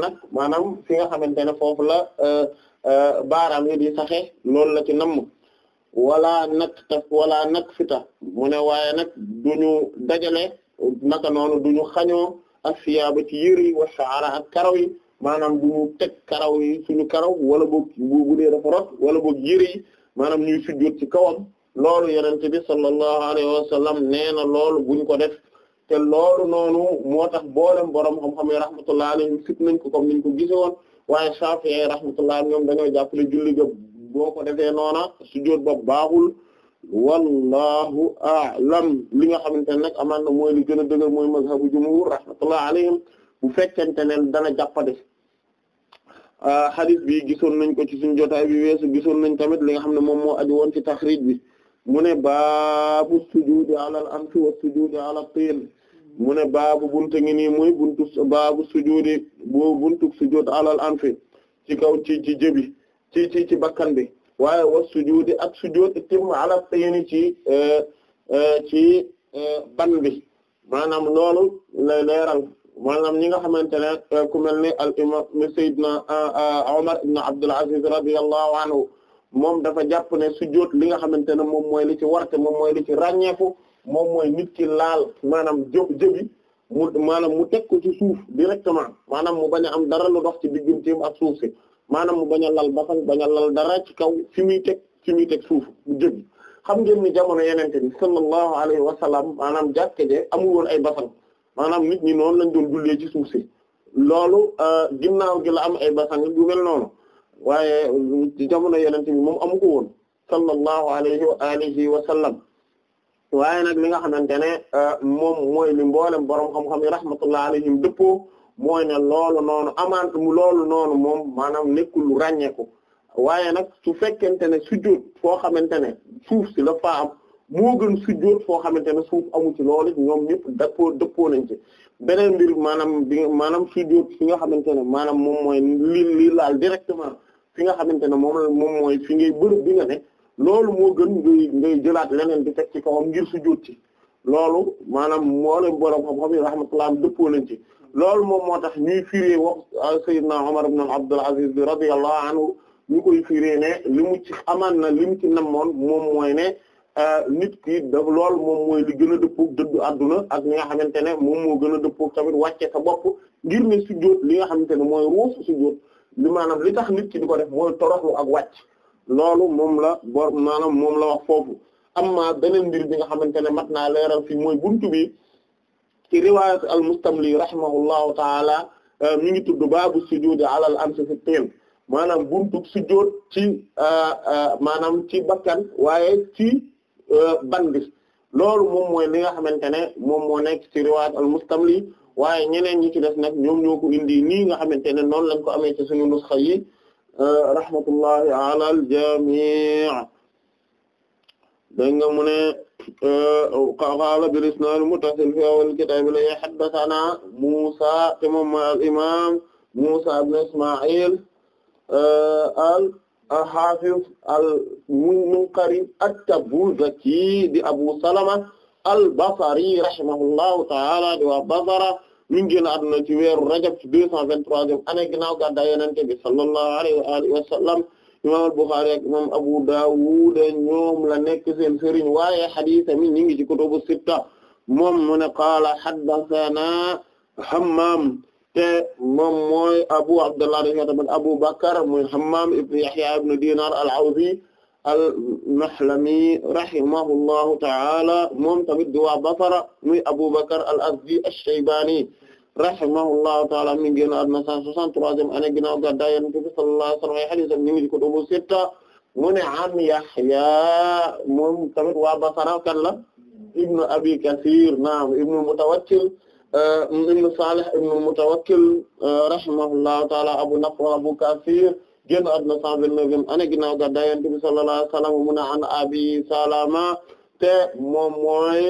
nag maanaam fi nga xamante ne foofu la euh, euh, baaraam yi di saxe loolu la ci namm wala nag taf wala nag fita mu ne waaye nag duñu dajale naka noonu duñu xañoo ak siyaaba ci yër yi wa sha'ara ak karaw yi maanaam duñu teg karaw yi suñu karaw wala boog bu dee dafa wala boog yër yi maanaam ñuy sujjóot ci kawam loolu yenente bi sallallahu alayhi wa sallam nee na loolu buñ ko def te loolu noonu moo tax boolem boroom xam-xam yi rahmatullah alayhim fit nañ ko comme niñ ko gise woon waaye Shafi'i rahmatullah ñoom dañoo jàppale julli ga boo ko defee noona sujjóot ba baaxul wallahu a'lam li nga xamante ne nag amaan na mooy li gën a dëgër mooy mazhabu jumhur rahmatullah alayhim bu fekkente ne dana jàppade ah, hadith bi gisoon nañ ko ci suñu jotaay bi weesu gisoon nañ tamit li nga xam ne moom moo aju woon ci taxrij bi mu ne baabu sujuudi alal amsi wa sujuudi alal tiin mu ne baabu buntu ngi nii muy buntu baabu sujuudi bu buntu sujuud alal anfi ci kaw ci ci jëbi ci ci ci bakkan bi waaye wa sujuudi ak sujuud itam alal tiin ci e, e, ci e, ban bi maanaam loolu lay leeral maanaam ñi nga xamante ne ku mel ne al imam sayyidna Umar ibn Abdul Aziz radiyallahu anhu moom dafa jàpp ne si sujjóot li nga xamante ne moom mooy li ci warte moom mooy li ci ràññeeku moom mooy nit ki laal maanaam jë jëbi mu maanaam mu teg ko ci suuf directement maanaam mu bañ a am dara lu dox ci digganteem ak suuf maanaam mu bañ a lal basan baña a dara ci kaw fi muy teg fi muy teg suuf bu xam ngeen ni jamono yenente bi sallallahu alayhi wa sallam maanaam jàkke je amul ay basan maanaam nit ñi noonu lañ doon jullee ci suuf si loolu euh, ginnaaw gi la am ay basan yu mel noonu waaye jamono yenente bi moom amu ko woon sallallahu alayhi wa alihi wa sallam waaye nag li nga xamante ne euh, moom mooy li mboolem borom xam-xam yi rahmatullahi alayhim dëppoo mooy ne loolu noonu amant mu loolu noonu moom maanaam nekkul lu ràññeeku waaye nag su fekkente ne sujjóot foo xamante ne suuf si la fa gën sujjóot foo xamante ne suuf amu ci loolu ñoom ñëpp dëppoo dëppoo nañ ci beneen mbir maanaam bi maanaam sujjóot fi nga xamante ne maanaam moom mooy li directement fi nga xamante ne moom la moom mooy fi ngay bërëb bi nga ne loolu moo gën ngay jëlaat leneen di teg ci kawam ngir sujjóot ci loolu maanaam moo leen borom xam-xam yi rahmatullah dëppoo leen ci loolu moom moo tax ñuy firé wax Seydina Omar ibn Abdul Aziz bi radiyallahu anhu ñu koy fiire ne li mu ci amaan na li mu ci namoon moom mooy ne euh, nit ki daf loolu moom mooy li gën a dëppoog dëddu adduna ak li nga xamante ne moom moo gën a dëppoog tamit wàcce sa bopp ngir ne sujjóot li nga xamante ne mooy ruusu sujjóot li maanaam li tax nit ki di ko def mooy toroxlu ak wàcc loolu moom la bor maanaam moom la wax foofu amma beneen mbir bi nga xamante ne mat naa leeral fii mooy buntu bi ci riwaayat al mustamli rahimahullahu taala euh, mi ngi tudd baabu sujuudi alal ansi fi teen maanaam buntu sujood ci euh, euh, maanaam ci bakkan waaye ci ban bi loolu moom mooy li nga xamante ne moom moo nekk ci riwaayat al mustamli waaye ñeneen ñi ci def nag ñoom ñoo ko indi nii nga xamante ne noonu lañ ko amee ci suñu nusxa yi euh, rahmatullahi ala al jami' dégg nga mu ne euh, qaala bil isnad muttasil fi Musa te al imam Musa ibn Isma'il euh, al hafiz al Munqari at-Tabuzaki di Abu Salama al-Basri rahimahullahu ta'ala di waa Basra mi ngi génn àdduna ci weeru rajab ci deux cent vingt-troisième année ginnaaw gàddaay Yonent bi sallallahu alayhi wa alihi imam al-Bukhari ak imam Abu Dawud la nekk seen sëriñ waaye hadith mi ñu ngi ci kutubu sitta moom mu ne qaala haddathana Hammam te moom mooy Abu Abdullah Abu Bakr muy Hammam ibn Yahya ibn Dinar al-Awzi al-Mahlami rahimahullahu ta'ala moom tamit di waa Basra muy Aboubacar al-Azdi ash-Shaybani rahimahullahu ta'ala mi ngi génn àdduna 163e année ginnaaw gàddaay Yonent bi sallallahu alayhi wa sallam ay hadiisam ñu ngi ci kutubu sitta mu ne an Yahya moom tamit waa Basra kan la ibn Abi Kathir naam ibn Mutawakkil euh, ibn Salih ibn Mutawakkil euh, rahimahullahu ta'ala Abu Nafr Abu Kathir génn àdduna 129e année ginnaaw gàddaay Yonent bi sallallahu alayhi wa sallam mu ne an Abi Salama te moom mooy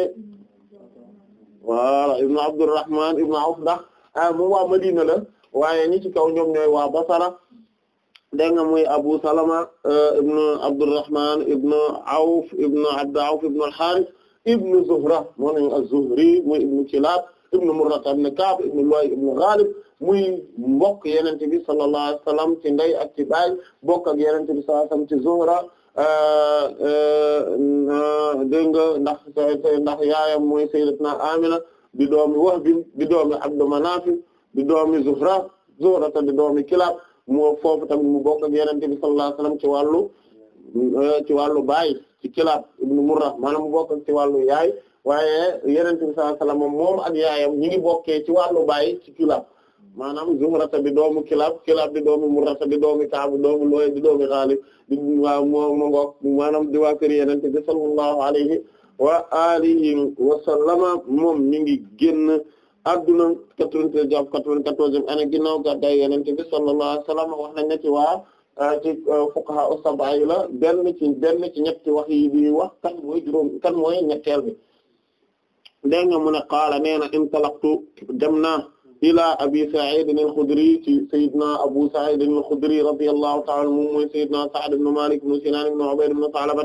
voilà ibnu Abdurrahman ibnu Awf ndax ah, moom waa Madina la waaye ñi ci kaw ñoom ñooy waa Basra dégg nga muy Abu Salama euh, ibnu Abdurrahman ibnu Awf ibnu Abd Awf ibnu al-Harith ibnu Zuhra moo ne az-Zuhri muy ibnu Kilab ibnu Murra ibnu Ka'b ibnu Lu'ay ibnu Ghalib muy mbokk yonent bi sallallahu alayhi salaam ci ndey ak ci baay bokk ak yonent bi sallallahu alayhi wasallam ci Zuhra euh, euh, dégg nga ndax ndax yaayam mooy sayyidatuna Amina di doomi Wahb di doomi Abdu Manaf di doomi Zuhra Zuhra ta di doomi Kilab moo foofu tamit mu bokk yenen yonent bi sallallahu alayhi ci wàllu euh, ci wàllu baay ci Kilab ibn Murra maanaam mu bokk ci wàllu yaay waaye yonent bi sallallahu alayhi wasallam moom ak yaayam ñi ngi bokkee ci wàllu baay ci Kilab maanaam Zumrata bi doomu Kilaab Kilaab di doomu Murrata di doomu Ka'b doomu Lu'ay di doomu Ghalib di waaw moo di waa kër bi sallallahu alayhi wa alihi wa sallama moom mi ngi génn adduna 93 jàpp 94e année ginnaaw gàddaay Yonent bi sallallahu wa sallam wax nañ ne ci waa euh, ci euh, fuqaha as-sab'a la benn ci benn ci ñetti wax yi wax kan mooy juróom kan mooy ñetteel bi dégg nga mu ne qaala nee na intalaqtu dem ila abi Sa'id al-Khudri ci Seydina Abu Sa'id al-Khudri radiyallahu ta'ala anhu mooy Seydina Sa'd ibn Malik ibn Sinan ibn Ubayd ibn Sa'laba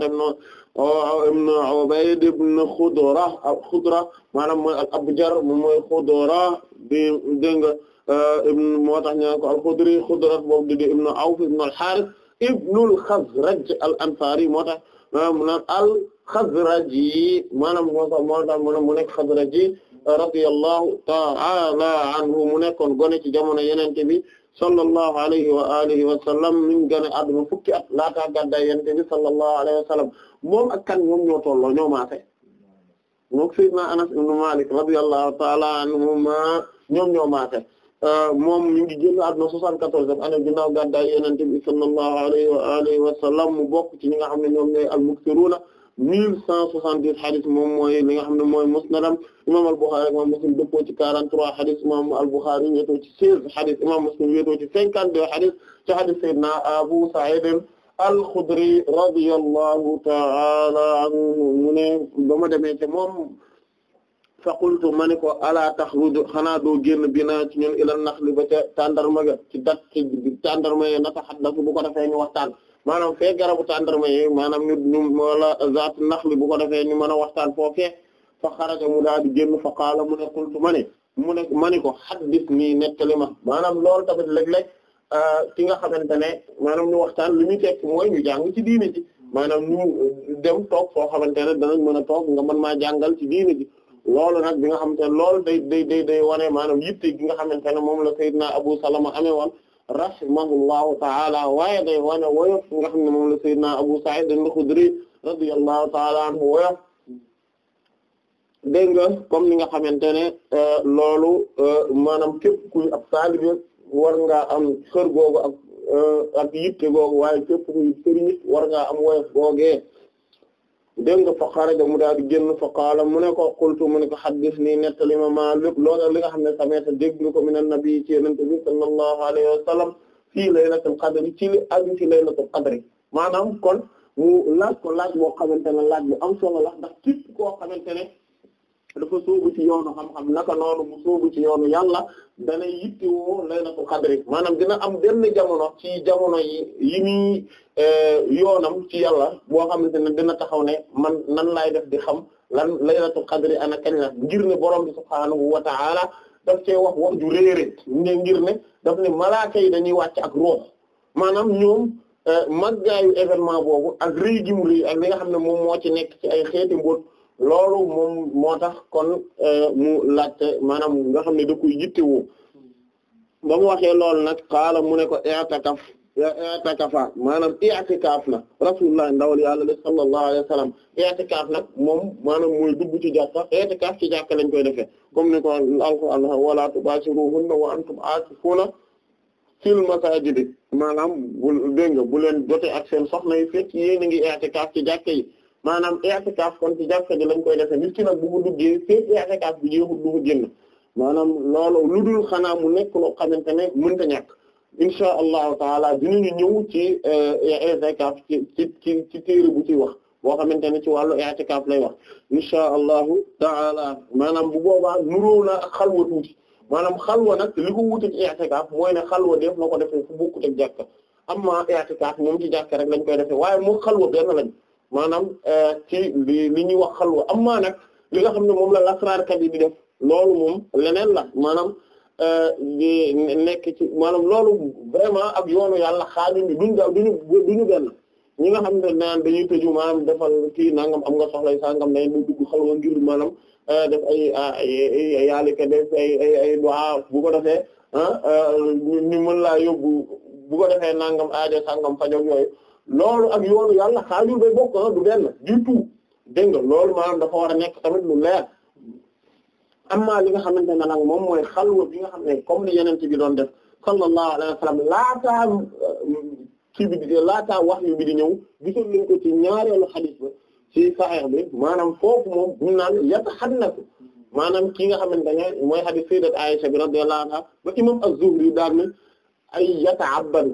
oh, ibn Ubayd ibn Khudra Khudra maanaam mooy al-Abjar mooy Khudra bi dégg nga eh, ibn moo tax ñu ko al-Khudri Khudra boobu di ibn Awf ibn al-Harith ibn al-Khazraj al-Ansari moo tax eh, maanaam al-Khazraji maanaam moo tax moo tax mu nekk Khazraji radiyallahu ta'ala anhu mu nekkoon gone ci jamono yenente bi sallallahu alayhi wa alihi wa sallam min gane adduna fukki at laataa gaddaay yenente bi sallallahu alayhi wa sallam moom ak kan ñoom ñoo tolloo ñoo maase moom sayyidina Anas ibn Malik radiyallahu ta'ala anhuma ñoom ñoo maase euh, moom mi ngi mu bokk ci ñi nga xam ne ñoom ñooy mille cent soixante-dix hadis moom mooy li nga xam ne mooy musnadam imam al-Bukhari ak imam Muslim dëppoo ci quarante-trois hadis imam al-Bukhari wéetoo ci seize hadis imam Muslim wéetoo ci cinquante-deux hadis ci hadis sayyidina Abu Sa'id al-Khudri radiyallahu ta'ala anhu mu ne ba ma demee te moom fa qultu ma ne ko ala taxruju xanaa doo génn binaa ci ñun ila naxli ba ca tàndarma ga ci dat ci tàndarma ye nataxaddasu bu ko defee ñu waxtaan maanaam fee garabu tàndarma yi maanaam ñu ñu wala zaat naxli bu ko defee ñu mën a waxtaan foofee fa xaraja mu daal di génn fa qaala mu ne qultu ma ne mu ne ma ni ko haddis nii nettali ma maanaam loolu tamit léeg-léeg euh, ki nga xamante ne maanaam ñu waxtaan li muy tekk mooy ñu jàng ci diini ji maanaam ñu dem toog foo xamante ne danañ mën a toog nga mën maa jàngal ci diini ji loolu nag bi nga xamante ne lool day day day day wane maanaam yitte gi nga xamante ne moom la Seydina Abu Salama amee woon rahimahullahu ta'ala waaye day wane woyof nga xam ne moom la sayyidina Abu Sa'id al-Khudri radiyallahu ta'ala anhu woyof dégg nga comme ni nga xamante ne euh, loolu euh, maanaam képp kuy ab taalibe war ngaa am xër googu ak euh, ak yitte googu waaye képp kuy sëriñ war ngaa am woyof googee dégg nga fa xaraja mu daal di génn fa qaala mu ne ko qultu mu ne ko haddithni nettali ma maa lépp loola li nga xam ne sami'ta dégg ko min an-nabi ci yonent bi sallallahu alayhi wa sallam fii laylatul qadri ci li aju ci laylatul qadri maanaam kon mu laaj ko laaj boo xamante ne laaj mu am solo la ndax képp koo xamante ne dafa sóobu ci yoonu xam-xam naka noonu mu sóobu ci yoonu yàlla dana yittewoo laylatul qadri maanaam dina am benn jamono ci jamono yi yi muy eh, yoonam ci yàlla boo xam ne a taxaw ne man nan laay def di xam lan laylatul qadri ana kañ ngir ne borom bi subhaanahu wa ta'ala daf cee wax wax ju réeré ne ngir ne daf ne malaaka yi dañuy wàcc ak roox maanaam ñoom eh, màggaayu événement boobu ak rëy gi mu rëy ak li nga xam ne moom moo ci nekk ci ay xeeti mbóot loolu moom moo tax kon euh, mu laajte maanaam nga xam ne da koy yittewoo ba mu waxee loolu nag xaala mu ne ko i'takaf i'takafa maanaam i'tikaf na rasulullah ndawal yàlla de sallallahu alayhi wa sallam i'tikaf nag moom maanaam mooy dugg ci jàkka i'tikaf ci jàkka lañ koy defee comme ni ko alquran wala tubashiruhunna wa antum aakifuna fil masajidi maanaam bu dégg nga bu leen jotee ak seen soxna yi fekk yéen a ngi i'tikaf ci jàkka yi maanaam i'tikaf kon ci jàkka ji lañ koy defee nit ki nag bu mu duggee fépp i'tikaf bi jeexul du ko génn maanaam loolu lu dul xanaa mu nekk loo xamante ne mënta ñàkk insha allahu taala dinañu ñëw ci euh, i'tikaf ci ci ci téere bu ci wax boo xamante ne ci wàllu i'tikaf lay wax insha allahu taala maanaam bu boobaa nuróo na ak xalwa tuuti maanaam xalwa nag li ko wuute ci i'tikaf mooy ne xalwa def na ko defee fu bokkut ak jàkka amma i'tikaf moom ci jàkka rek lañ koy defee waaye moom xalwa benn lañ maanaam euh, ci li li ñuy wax xalwa amma nag li nga xam ne moom la lasraarkat yi di def loolu moom leneen la maanaam euh, di nekk ci maanaam loolu vraiment ak yoonu yàlla xaaju bi duñ daaw duñu duñu benn ñi nga xam ne naan dañuy tëju maanaam defal kii nangam am nga soxlay sangam day mu dugg xalwa ngir maanaam euh, def ay ay yaalika def ay ay bu ko defee ah ñu mën laa yóbbu bu ko defee nangam aajo sangam fajog yooyu loolu ak yoonu yàlla xaajul bay bokk ah du benn du tout dégg nga loolu maanaam dafa war a nekk tamit lu leer amma li nga xamante ne nag moom mooy xalwa bi nga xam ne comme ni yeneen bi doon def sallallahu alayhi wa sallam laataa wax yu di ñëw gisoon nañ ko ci ñaareelu xadis ba ci Sahih bi maanaam foofu moom ñu nga xamante ne mooy xadis ba imam az-Zuhri daan ne ay yata'abbadu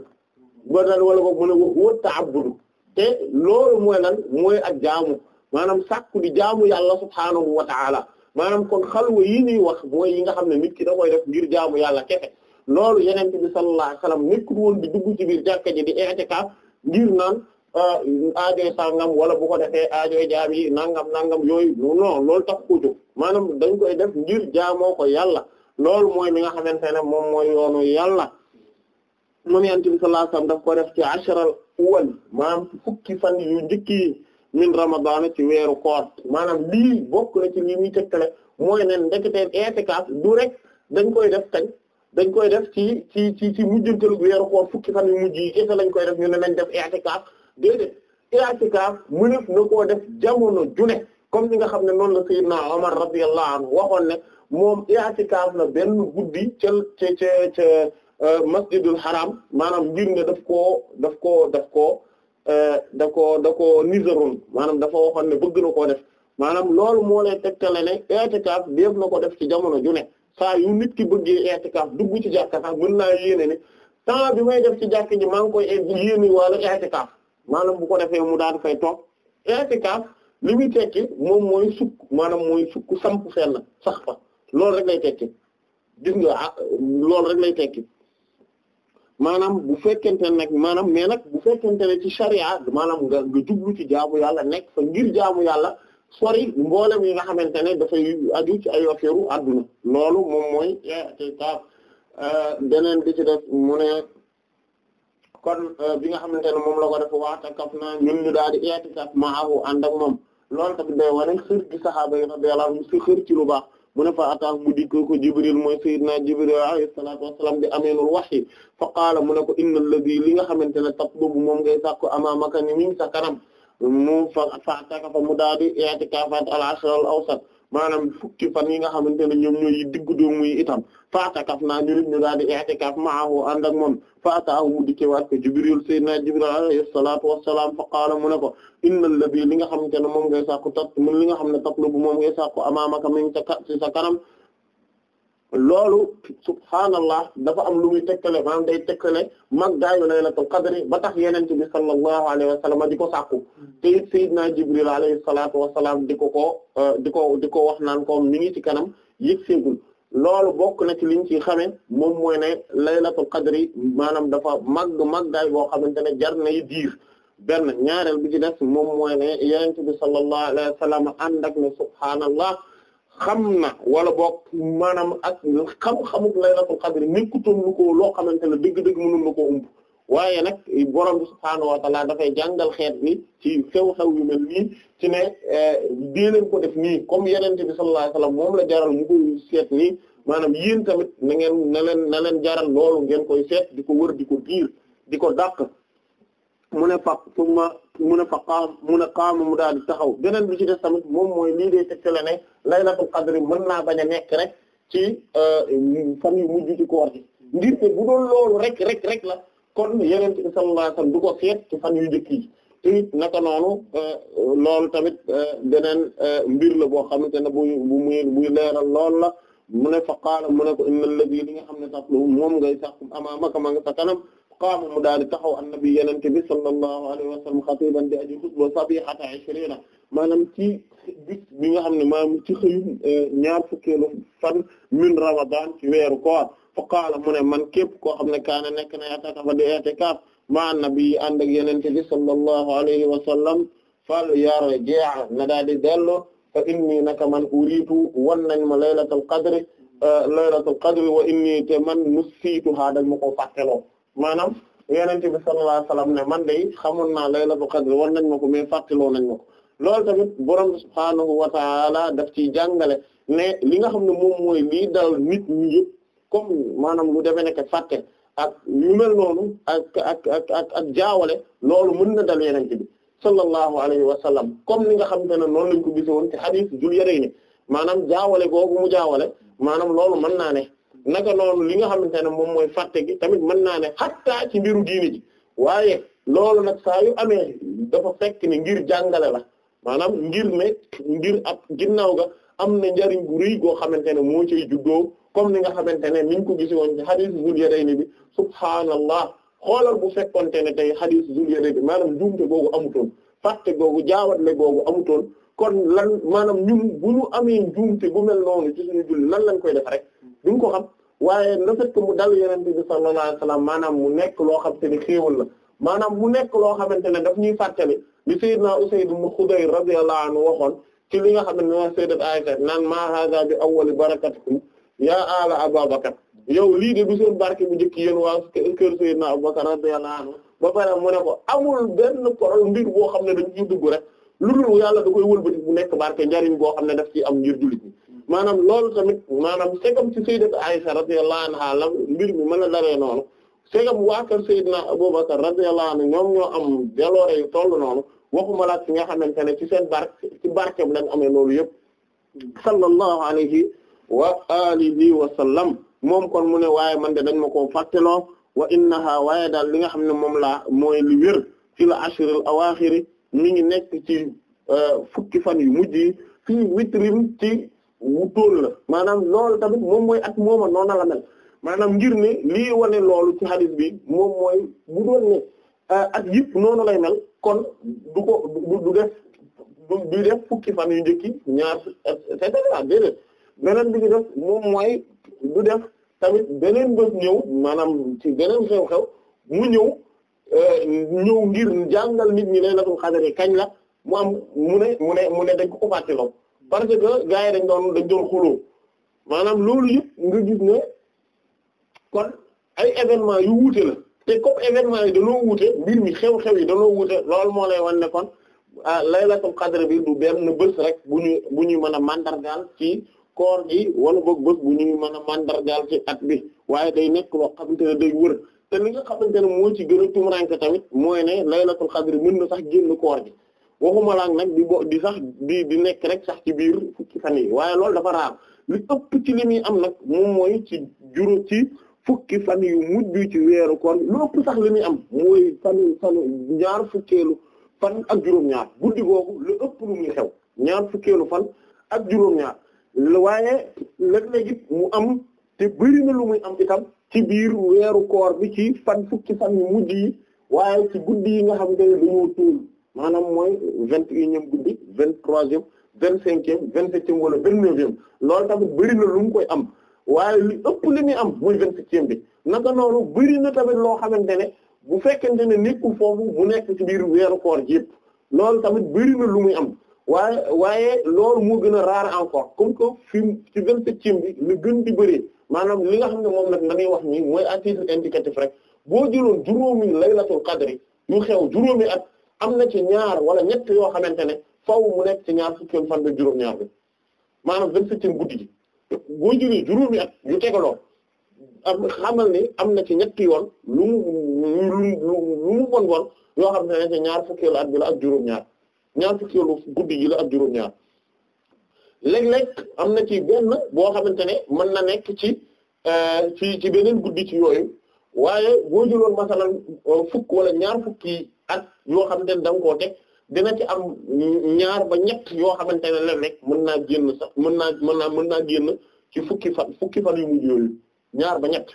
wala wala boog mën a wax wa ta'abbudu te loolu mooy lan mooy ak jaamu maanaam sàkku di jaamu yàlla subhaanahu wa ta'ala maanaam kon xalwa yi ñuy wax mooy yi nga xam ne nit ki da koy def ngir jaamu yàlla kefe loolu yeneen bi sallallahu alayhi wasallam nekkul woon di dugg ci biir jàkka ji di i'tikaf ngir naan ah, aajoy sàngam wala bu ko defee aajoy jaam yi nangam nangam yooyu non loolu tax ko jóg maanaam dañ koy def ngir jaamoo ko yàlla loolu mooy mi nga xamante ne moom mooy yoonu yàlla moom yonent bi sallallahu alayhi daf ko def ci asharal awwal maanaam fukki fan yu njëkk yi min ramadaan ci weeru koor maanaam lii bokk na ci lii muy tëkkale mooy ne ndeketeen i'tikaaf du rek dañ koy def kañ dañ koy def ci ci ci ci mujjantalu weeru koor fukki fan yu mujj yi lañ koy def ñu ne nañ def i'tikaaf déedéet mu mënef na koo def jamono june comme ni nga xam ne noonu la sayyidna Umar radiyallahu anhu waxoon ne moom i'tikaaf na benn guddi ca ce ca Euh, masjidul haram maanaam ngir ne daf koo daf koo daf koo euh, da koo da koo nizeroon maanaam dafa waxoon ne bëgg na koo def maanaam loolu moo lay tegtale ne i'tikaaf def na ko def ci jamono ju ne saa yu nit ki bëggee i'tikaaf dugg ci jàkka sax mën na yéene ne temps bi may def ci jàkka ji maa ngi koy yéene wala i'tikaaf maanaam bu ko defee mu daal fay toog i'tikaaf li muy tekki moom mooy sukk maanaam mooy sukk samp fenn sax fa loolu rek lay tekki gis nga ah, loolu rek lay tekki maanaam bu fekkente ne nag maanaam mais nag bu fekkente ne ci charia maanaam nga nga jublu ci jaamu yàlla nekk fa ngir jaamu yàlla sori mboolem yi nga xamante ne dafay aju ci ay affaires adduna loolu moom mooy i'tikaaf eh, eh, beneen bi ci def mu ne kon eh, bi nga xamante ne moom la ko def wa'takaf naa ñun ñu daal di i'tikaaf ma'ahu ànd ak moom loolu tamit day wane xër gi saxaaba yi radiyallahu anhum ci ci lu baax. mu ne fa ataahu mu dikkoo ko Jibril mooy Seydina Jibril alayhi salaatu wassalaam di ameenul wahyi fa qaala mu ne ko inna alladhi li nga xamante ne tatlubu moom ngay sàkku amaamaka ni mi ngi sa kanam mu fa fa mu daal di i'tikaafaat al-ashr al-awsat maanaam fukki fan yi nga xamante ne ñoom ñooy yi diggu dóom muy itam faatakaf naa ñu nit ñu daal di i'tikaf ma'ahu ànd ak moom faataahu mu dikke waat ko Jibril sayyidina Jibril alayhi salaatu wassalaam fa qaala mu ne ko inna alladhi li nga xamante ne moom ngay sàkku tat mun li nga xam ne tatlubu moom ngay sàkku amaamaka mi ngi sa ci sa kanam loolu subhaanallah dafa am lu muy tekkale maanaam day tekkale màggaayu laylatul qadri ba tax yeneen bi sallallahu alayhi wa sallam di ko sàkku te it sayyidina jibril alayhi salaatu wa salaam di ko ko euh, di ko di ko wax naan ko mi ngi ci kanam yëg seegul loolu bokk na ci liñ ci xamee moom mooy ne laylatul qadri maanaam dafa màgg màggaay boo xamante ne jar na yi diir benn ñaareel bi ci des moom mooy ne yeneen bi sallallahu alayhi wa sallam ànd ak ne subhaanallah xam na wala boog maanaam ak xam-xamu laylatul qadr nekkutoon lu ko loo xamante ne dëgg-dëgg mënul na koo umb waaye nag borom bi subhaanahu wa taala dafay jàngal xeet bi ci xew-xew yu mel nii ci ne eh, dee leen ko def nii comme yenente bi sallallahu alayhi wasallam moom la jaral mu seet nii maanaam yéen tamit na ngeen na leen jaral loolu ngeen koy seet di ko wër di ko diir di ko dàq mu ne fa qaam mu ne qaama mu daal di taxaw beneen bi ci def tamit moom mooy lii day tegtale ne laylatul qadr mën naa bañ a nekk rek ci euh, fan yu mujj ci koor gi ngir te bu doon loolu rek rek rek la kon yeneen bi sallallahu alayhi wasallam du ko ci fan yu njëkk yi naka noonu euh, loolu tamit euh, beneen mbir la boo xamante ne buy bu muy buy leeral lool la mu ne fa qaala mu ne ko innal ladhi li nga xam ne sax moom ngay sax amaamaka ma nga sa kanam qaama mu daal di taxaw annabi yenente bi sallallahu alayhi wa sallam xatiban di aji xutba sabihata ishrina maanaam ci bis bi nga xam ne maanaam ci xëyum eh, ñaar fukkeelu fan min ramadan ci weeru koor fa qaala mu ne man képp koo xam ne kaana nekk na yatakafa di i'tikaaf ma annabi ànd ak yenente bi sallallahu alayhi wa sallam fal yarji' na daal di dello fa inni naka man uriitu wan nañ ma laylatul qadri eh, laylatul qadri wa inni te man nussiituhaa dañ ma koo fàtteloo maanaam yenente bi sallallahu alayhi wasallam ne man de xamoon naa laylatul qadr war nañ ma ko mais fàttaloo nañ ma ko loolu tamit borom subhaanahu wa taala daf ciy jàngale ne li nga xam ne moom mooy lii dal nit ñi yëpp comme maanaam lu demee nekk fàtte ak yu mel noonu ak ak ak ak jaawale loolu mën na dal yenente bi sallallahu alayhi wa sallam comme li nga xamante ne noonu lañ ko gise woon ci hadith jul maanaam jaawale googu mu jaawale maanaam loolu mën naa ne naka noonu li nga xamante ne moom mooy fàtte gi tamit mën naa ne xattaa ci mbiru diini ji waaye loolu nag saa yu amee dafa fekk ni ngir jàngale la maanaam ngir ne ngir ab ginnaaw ga am na njariñ gu rëy goo xamante ne moo ciy juddoo comme ni nga xamante ne niñ ko gisi woon ci xadis Zul Yadayni bi subhaanallah xoolal bu fekkonte ne tey xadis Zul Yadayni bi maanaam juumte googu amutoon fàtte googu jaawatle googu amutoon kon lan maanaam ñun bu ñu amee njuumte gu mel noonu ci suñu julli lañ koy rek du ko xam waaye le fait mu dal yeneen bi sallallahu alayhi wasallam maanaam mu nekk loo xam te ne xéewal la maanaam mu nekk loo xamante ne daf ñuy fàttali li sayyidna Usayd ibn Khudayr radiyallahu anhu waxoon ci li nga xam ne moo sayyidat Aisha naan ma hadha bi awwali barakatikum ya ala Abubakar yow lii de du seen barke bu njëkk yéen waa kër sayyidna Abubakar radiyallahu anhu ba pare mu ne ko amul benn korol mbir boo xam ne dañ ciy dugg rek lu lu yàlla da koy wëlbati mu nekk barke njariñ boo xam ne daf ci am ngir jullit maanaam loolu tamit maanaam segam ci sayyidati Aisha radiyallahu anha la mbir mi mën a daree noonu segam waa kër sayyidina Abubakar radiyallahu anhu ñoom ñoo am jaloore yu toll noonu waxuma la ci nga xamante ne ci seen barke ci barkeem lañ amee loolu yëpp sallallahu alayhi wa alihi wa sallam moom kon mu ne waaye man de dañ ma ko fàtteloo wa innaha waaye daal li nga xam ne moom laa mooy li wér ci la ashril awaaxiri mi ngi nekk ci euh, fukki fan yu mujj yi fii ci mu tóol la maanaam loolu tamit moom mooy at mooma noona la mel maanaam ngir ne lii wane loolu ci hadith bi moom mooy bu doon ne euh, at yëpp noonu lay mel kon du ko du def du def fukki fan yu njëkki ñaar et cetera déedéet beneen bi ñu def moom mooy du def tamit beneen bés ñëw maanaam ci beneen xew-xew mu ñëw euh, ñëw ngir jàngal nit ñi laylatul qadr kañ la mu am mu ne mu ne mu ne dañ ko ko fàttiloo parce que gars yi dañ doon dañ doon xuloo maanaam loolu yëpp nga gis ne kon ay événement yu wuute la te comme événement yi dañoo wuute mbir mi xew-xew yi dañoo wuute lool moo lay wan ne kon ah laylatul qadr bi du benn bés rek bu ñu bu ñu mën a mandargaal ci koor gi wala boog bés bu ñu mën a mandargaal ci at bi waaye day nekk loo xamante ne day wër te li nga xamante ne moo ci gën a tumuranke tamit mooy ne laylatul qadr mën na sax génn koor gi waxuma laak nag di bo di sax di di nekk rek sax ci biir fukki fan yi waaye loolu dafa raar li ëpp ci li muy am nag moom mooy ci juróom ci fukki fan yu mujj ci weeru koor lu ëpp sax li am mooy fan fan ñaar fukkeelu fan ak juróom-ñaar guddi googu lu ëpp lu muy xew fukkeelu fan ak juróom-ñaar waaye léeg-léeg mu am te bëri lu muy am itam ci biir weeru koor bi ci fan fukki fan yu mujj yi waaye ci guddi yi nga xam ne dañoo tuul maanaam mooy vingt et unième guddi vingt troisième vingt cinquième vingt septième wala vingt neuvième loolu tamit bëri na lu mu koy am waaye li ëpp li muy am mooy vingt septième bi naka noonu bëri na tamit loo xamante ne bu fekkente ne nekkul foofu mu nekk ci biir weeru koor ji yëpp loolu tamit bëri na lu muy am waaye waaye loolu moo gën a raar encore comme que fi ci vingt septième bi lu gën di bëri maanaam li nga xam ne moom nag dañuy wax nii mooy à titre indicatif rek boo jëloon juróomi laylatul qadri yu xew juróomi at am na ci ñaar wala ñett yoo xamante ne faw mu nekk ci ñaar fukki fan ba juróom-ñaar bi maanaam vingt-septième guddi yu tegaloo am ni am na ci ñetti yoon lu mu yoo xam ne ne ak juróom-ñaar ñaar fukkeelu la ak juróom-ñaar léeg am na ci benn boo xamante ne mën na nekk ci euh, ci ci beneen guddi ci yooyu waaye boo jëloon masalan euh, fukki at yoo xam ne da nga koo teg dina ci am ñaar ba ñett yoo xamante ne leen mën naa génn sax mën naa mën naa mën naa génn ci fukki fan fukki fan yu mujj yooyu ñaar ba ñett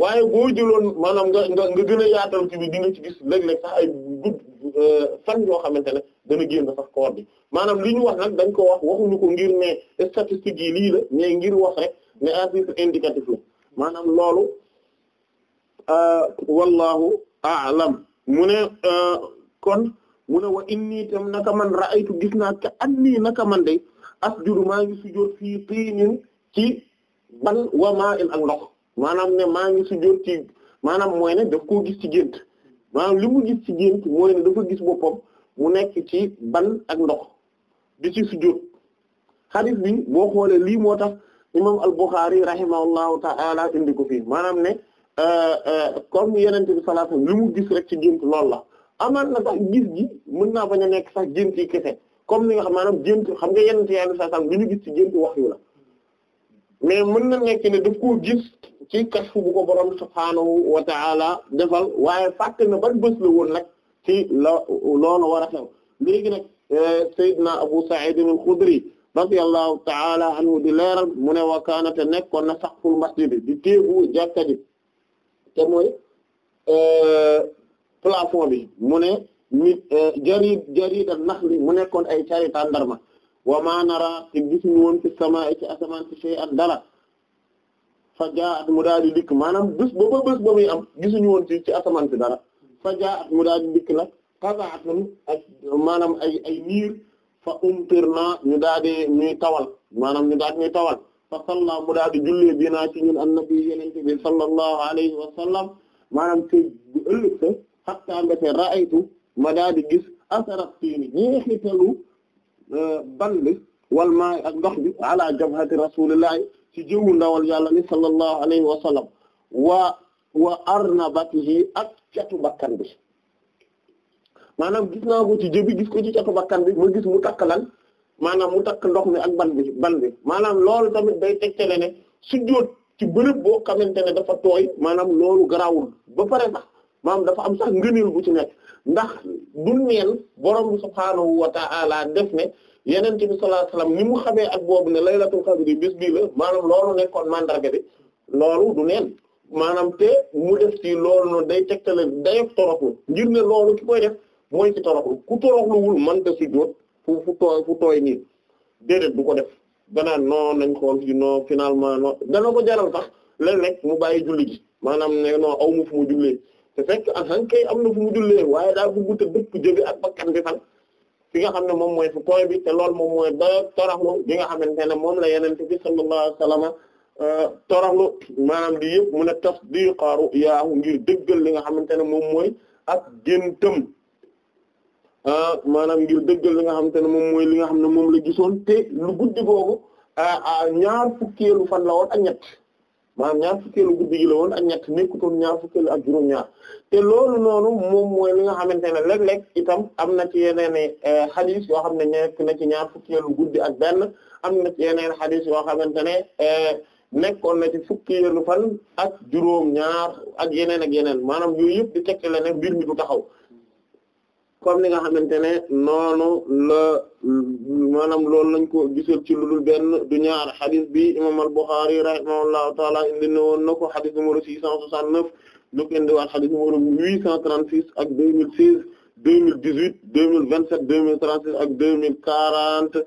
waaye boo jëloon maanaam nga nga nga gën a yaatal ci bi di nga ci gis léeg-léeg sax ay gudd euh, fan yoo xamante ne dana génn sax koor bi maanaam li ñu wax nag dañ ko wax waxuñu ko ngir ne statistiques yi lii la mais ngir wax rek ne à titre indicatif la maanaam loolu euh, wallahu a'lam mu ne euh, kon mu ne wa inni tam naka man ra'aytu gis naa ka annii naka man day asjudu maa ngi sujjóot fii tiinin ci ban wa maa in ak ndox maanaam ne maa ngi sujjóot ci maanaam mooy ne def koo gis ci gént maanaam li gis ci gént mooy ne dafa gis boppam mu nekk ci ban ak ndox di ci sujjóot hadith bi boo xoolee lii moo tax imam al-Bukhari rahimahullahu ta'ala indi ko fii maanaam ne Euh, euh, comme yeneen bi sallallahu alayhi wasallam li mu gis rek ci gént lool la amaan na sax gis gi mun naa bañ a nekk sax gént ke kese comme ni nga xam maanaam gént xam nga yeneen yeneen sallallahu li ñu gis wax yu mais mën na nekk ne daf koo gis ci kashfu bu ko borom subhaanahu wa ta'ala defal waaye fàtte na ban bés la woon nag ci la loolu war a xew léegi nag euh, Seydina Abu Sa'id al-Khudri radiyallahu ta'ala anhu di leeral mu ne wa kaanate nekkoon na saqful masjid di téebu jàkka ji te mooy euh, plafond bi mu ne mi euh, jari jarida naxli mu nekkoon ay carita ndarma wa ma nara te gisuñu woon ci sama ci asamaan ci at dara fajaa at mu daal di dikk maanaam bés ba ba bés am gisuñu woon ci ci asamaan ci dara fajaa at mu daal di la nag xasaatun ak maanaam ay ay niir fa umtirna ñu daal di tawal maanaam ñu daal ñuy tawal fa salla mu daal di jullee binaa ci ñun annabi yenente bi sallallahu alayhi wa sallam maanaam te bu ëllëg sa mbete ra'aytu ma gis asarat tiini ñeexitalu euh, band wal maa ak ndox bi ala jabhati rasulillahi ci jëwu ndawal yàlla ni sallallahu alayhi wa wa arnabatihi ak catu bakkan bi maanaam gis naa ko ci jëbi gis ko ci catu bakkan bi ma gis mu takkalan maanaam mu takk ndox mi ak ban bi ban bi maanaam loolu tamit day tegtale ne sujjóot ci bërëb boo xamante ne dafa tooy maanaam loolu garaawul ba pare sax maam dafa am sax ngëneel bu ci nekk ndax du neen borom bi subhaanahu wa ta'ala def ne yenente bi sallallahu alayhi wasallam mu xamee ak boobu ne laylatul qadr bés bii la maanaam loolu nekkoon mandarga bi loolu du neen maanaam te mu def ci loolu noonu day tegtale day toroxlu ngir ne loolu ki koy def mooy ci toroxlu ku toroxluwul mënta sujjóot fu fu tooy fu tooy nii déedéet du ko def danaan non nañ xool si non finalement no dana ko jaral sax léeg-léeg mu bàyyi julli gi maanaam ne non aw ma fu mu jullee te fekk en kay am na fu mu jullee waaye daal bëgg te dëpp jëbi ak bakkan bi fi nga xam ne moom mooy fu tooy bi te lool moom mooy ba toraxlu bi nga xamante ne moom la yenente bi sallallahu alayhi wasallam euh, toraxlu maanaam di yëpp mu ne tas di xaaru yaahu ngir dëggal li nga xamante ne moom mooy ak géntam Ah, maanaam ngir dëggal li nga xam te ne moom mooy li nga xam ne moom la gisoon te lu guddi googu ah, ah, ñaar fukkeelu fan la woon ak ñett maanaam ñaar fukkeelu guddi gi ak ñett nekkutoon ñaar fukkeelu ak juróom-ñaar te loolu noonu moom mooy li nga xamante ne léeg-léeg itam am na ci yeneen i eh, xadis yoo xam ne nekk na ci ñaar fukkeelu guddi ak benn am na yeneen xadis yoo xamante ne eh, nekkoon na ci fukkeelu fan ak juróom-ñaar ak yeneen ak yeneen maanaam yooyu yëpp di tegtale ne mbir mi du taxaw. comme ni nga xamante ne noonu la maanaam loolu lañ ko gisal ci lu dul benn du ñaar xadis bi imam al-Bukhari rahimahullahu taala indi na woon na ko xadis numéro six cent soixante-neuf ñu ko indiwaat xadis numéro huit cent trente-six ak deux mille seize deux mille dix-huit deux mille vingt-sept deux mille trente-six ak deux mille quarante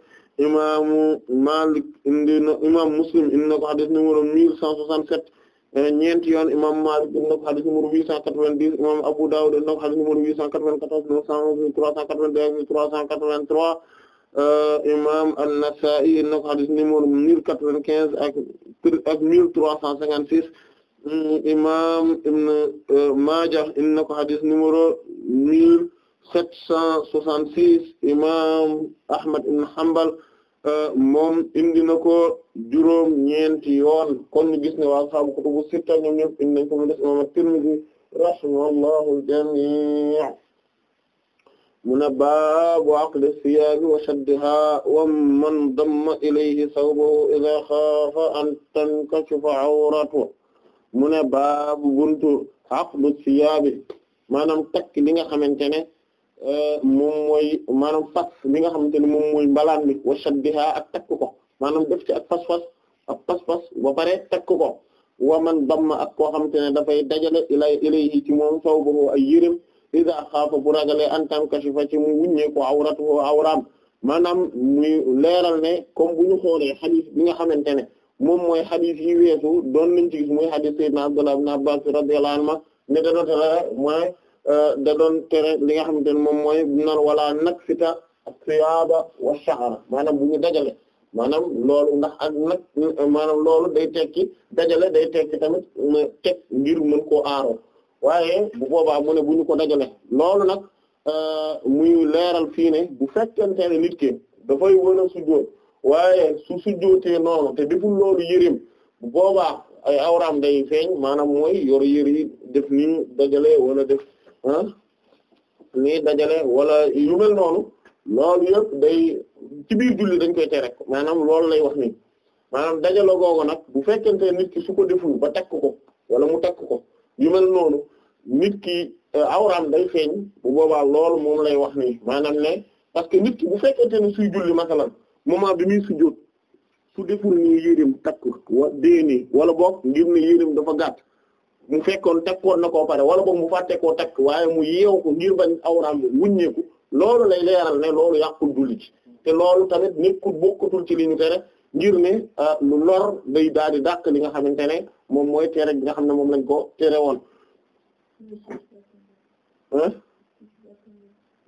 imaamu Malik indi na imam Muslim indi na ko xadis numéro mille cent soixante-sept Eh, ñeenti yoon imam Mâlik indi na ko xadis numéro 890 imam Abu Dâwud indi na ko xadis numéro 894 911 382 383 imam An-Nassâ-i indi na ko xadis numéro 1095 ak ak 1356 mm, imam Ibn eh, Mâdja indi na ko xadis numéro 1766 imam Ahmad ibn Hanbal Euh, moom indi na ko juróom ñeenti yoon kon gis ne waa ashaabu kutubu sitta ñoom ñëpp indi nañ ko mu des imaam at-Tirmidhi rahimahullahu jamii mu ne baabu aqli siyaabi wa shaddihaa wa man damma ilayhi sawbahu idhaa xaafa an tankashifa awratuhu mu ne baabu buntu aqlu siyaabi maanaam takk li nga xamante ne Euh, moom mooy maanaam fas mi nga xamante ne moom moy mbalaan bi wa shaddiha ak takk ko maanaam def ci ak fas-fas ak fas-fas ba pare takk ko wa man bam ma ak koo xamante ne dafay dajale ilay ilayhi ci moom saw bokoo ay yërëm iza xaafa bu ragalee an tankashifa ci mu wuññee ko awratuhu awraam maanaam muy leeral ne comme bu ñu xoolee xadiis bi nga xamante ne moom mooy xadiis yi weesu doon nañ ci gis muy xadiis sayyidina Abdullah ibn Abbas radiyallahu anhu ma ne da dootala mooy Euh, da doon tere li nga xamante ne moom mooy nan wala nag fita siyaaba wa sha'ra maanaam bu ñu dajale maanaam loolu ndax ak nag maanaam loolu day tekki dajale day tekki tamit teg ngir mën ko aaroo waaye bu boobaa mu ne bu ñu ko dajale loolu nag euh, muy leeral fii ne bu fekkente ne nit ki dafay wën a sujjóot waaye su sujjóotee noonu te deful loolu yërim bu boobaa ay awraam day feeñ maanaam mooy yor yëri def ni dajale wala def ni ah, dajale wala yu noonu loolu yëpp day ci biir julli dañ koy tere maanaam loolu lay wax nii maanaam dajale googu nag bu fekkente nit ki su ko deful ba takk ko wala mu takk ko yu noonu nit ki euh, awraam day feeñ bu boobaa loolu moom lay wax nii maanaam ne parce que nit ki bu fekkente ne suy julli masalan moment bi muy sujjóot su deful nii yéreem takk wa dee nii wala boog ngir ne yéreem dafa gàtt mu fekkoon takkoon na ko pare wala boog mu fàtte tekk waaye mu yeew ko ngir bañ awraam wuññeeku loolu lay leeral ne loolu yàqul julli ci te loolu tamit nekkul bokkatul ci li ñu tere ngir ne ah, lu lor day daal dàq li nga xamante ne moom mooy tere bi nga xam ne moom lañ ko tere woon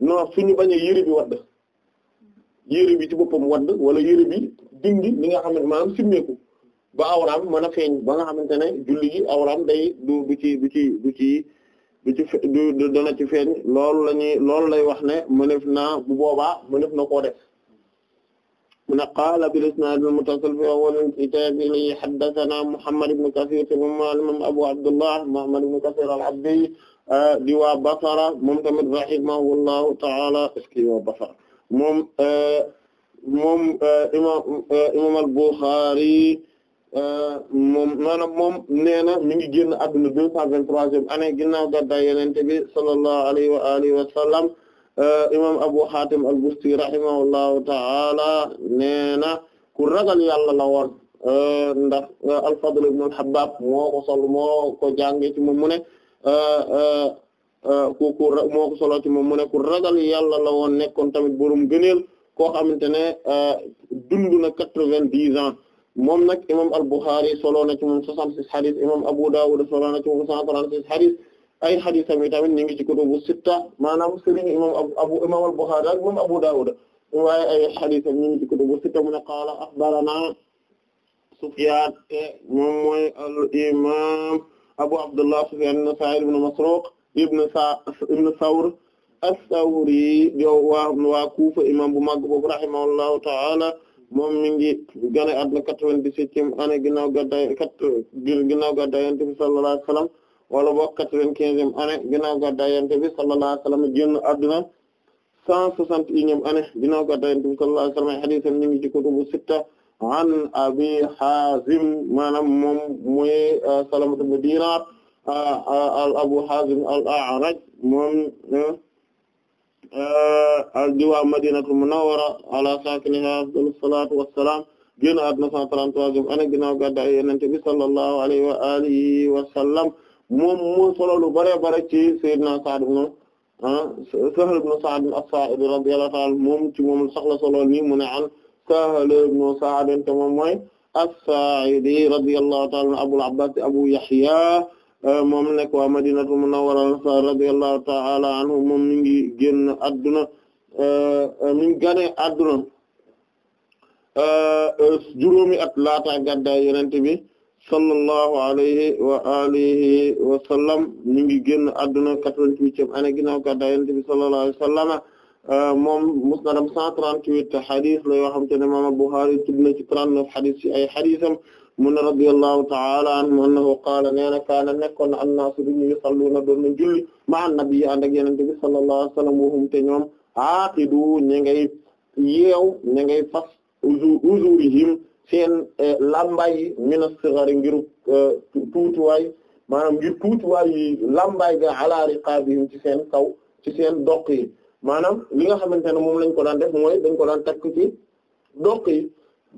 non suñu bañ a yëre bi wadd yëre bi ci boppam wadd wala yëre bi dindi li nga xam ne maanaam simmeeku ba awraam mën feeñ ba nga xamante ne julli gi awraam du du ci du ci du ci feeñ loolu la ñuy loolu lay wax ne mënef naa bu boobaa mënef na koo def mu ne qaala bil isnaad al muttasil fi awwal al kitaab Muhammad ibn Kathir te moom Abu Abdullah Muhammad ibn Kathir al Abdi di waa Basra moom tamit rahimahullahu ta'ala eski waa Basra moom euh, moom euh, imam euh, al Bukhari Euh, moom maanaam moom nee na mi ngi génn adduna deux cent vingt-troisième année ginnaaw gàddaay yenente bi sallallahu alayhi wa alihi wa sallam euh, imam Abu Hatim al-Busti rahimahullahu ta'ala nee na ku ragal yàlla la woon euh, ndax al-Fadl ibn al-Habbab moo ko sol moo ko jàngee ci moom mu ne ku moo ko moom mu ne ku ragal yàlla la woon nekkoon tamit borom gëneel koo xamante ne dund na quatre-vingt-dix ans moom nag imam al-Bukhari solo na ci moom 66 hadith imam Abu Dawud solo na ci moom 136 hadith ay haditham yi tamit ñu ngi sitta maanaam sëriñ imam abu imam al-Bukhari ak moom Abu Dawud mu ne qaala akhbarana Sufyan moom mooy al-imam Abu Abdullah Sufyan ibn Sa'id ibn ibn Sa ibn Thawr as-Thawri yow waa imam bu mag boobu rahimahullahu ta'ala moom mi ngi gane àdduna quatre-vingt-dix-septième année ginnaaw gàddaay kat ginnaaw gàddaay Yonent bi sallallahu alayhi wa sallam wala boog quatre-vingt-quinzième année ginnaaw gàddaay Yonent bi sallallahu alayhi wa sallam cent soixante et unième année ginnaaw gàddaay bi sallallahu alayhi wa sallam hadith am ñu ngi ci kutubu sitta an Abi Hazim maanaam moom muy euh, Salamatu ibn Dinar euh, al Abu Hazim al A'raj ak di waa madinatul munawwara ala saakinihaa afdalu salaatu wassalaam génn àdduna 133 ane ginnaaw gàddaay Yonent bi sallallahu alayhi wa alihi wa sallam moom moo solo lu bare bare ci sayyidina Sa'd ibn ah, Sahl ibn Sa'd as-Saa'idi radiyallahu ta'ala moom ci moom sax la solo nii mu ne an Sahl ibn Sa'd te moom mooy as-Saa'idi radiyallahu ta'ala Abul Abbaas Abu Yahya Euh, moom nekk waa madinatul munawwara ansar radiyallahu ta'ala anhu moom mi ngi génn adduna euh, mi gane adduna euh, juróomi at laata gàddaay yonent bi sallallahu alayhi wa alihi wa sallam mi ngi génn adduna 88e année ginnaaw gàddaay yonent bi sallallahu wa sallam moom musnadam 138 hadith la yoo xam te ne imaam Bukhari tudd na ci 39 ci ay haditham mu ne radiyallahu ta'ala anhu annahu qaala nee na kaana nekkoon na annaasu bi ñu yusalluuna doon na julli ma annabi ànd ak yenente bi sallallahu alayhi wa sallam wahum te ñoom aaqidu ñi ngay yeew ñi ngay fas uzurihim seen eh, lambay yi min as-sighar ngir eh, tuutiwaay maanaam ngir tuutiwaay yi lambay ga ala riqaabihim ci seen kaw ci seen doq yi maanaam li nga xamante ne moom lañ ko daan def mooy dañ ko daan takk ci doq yi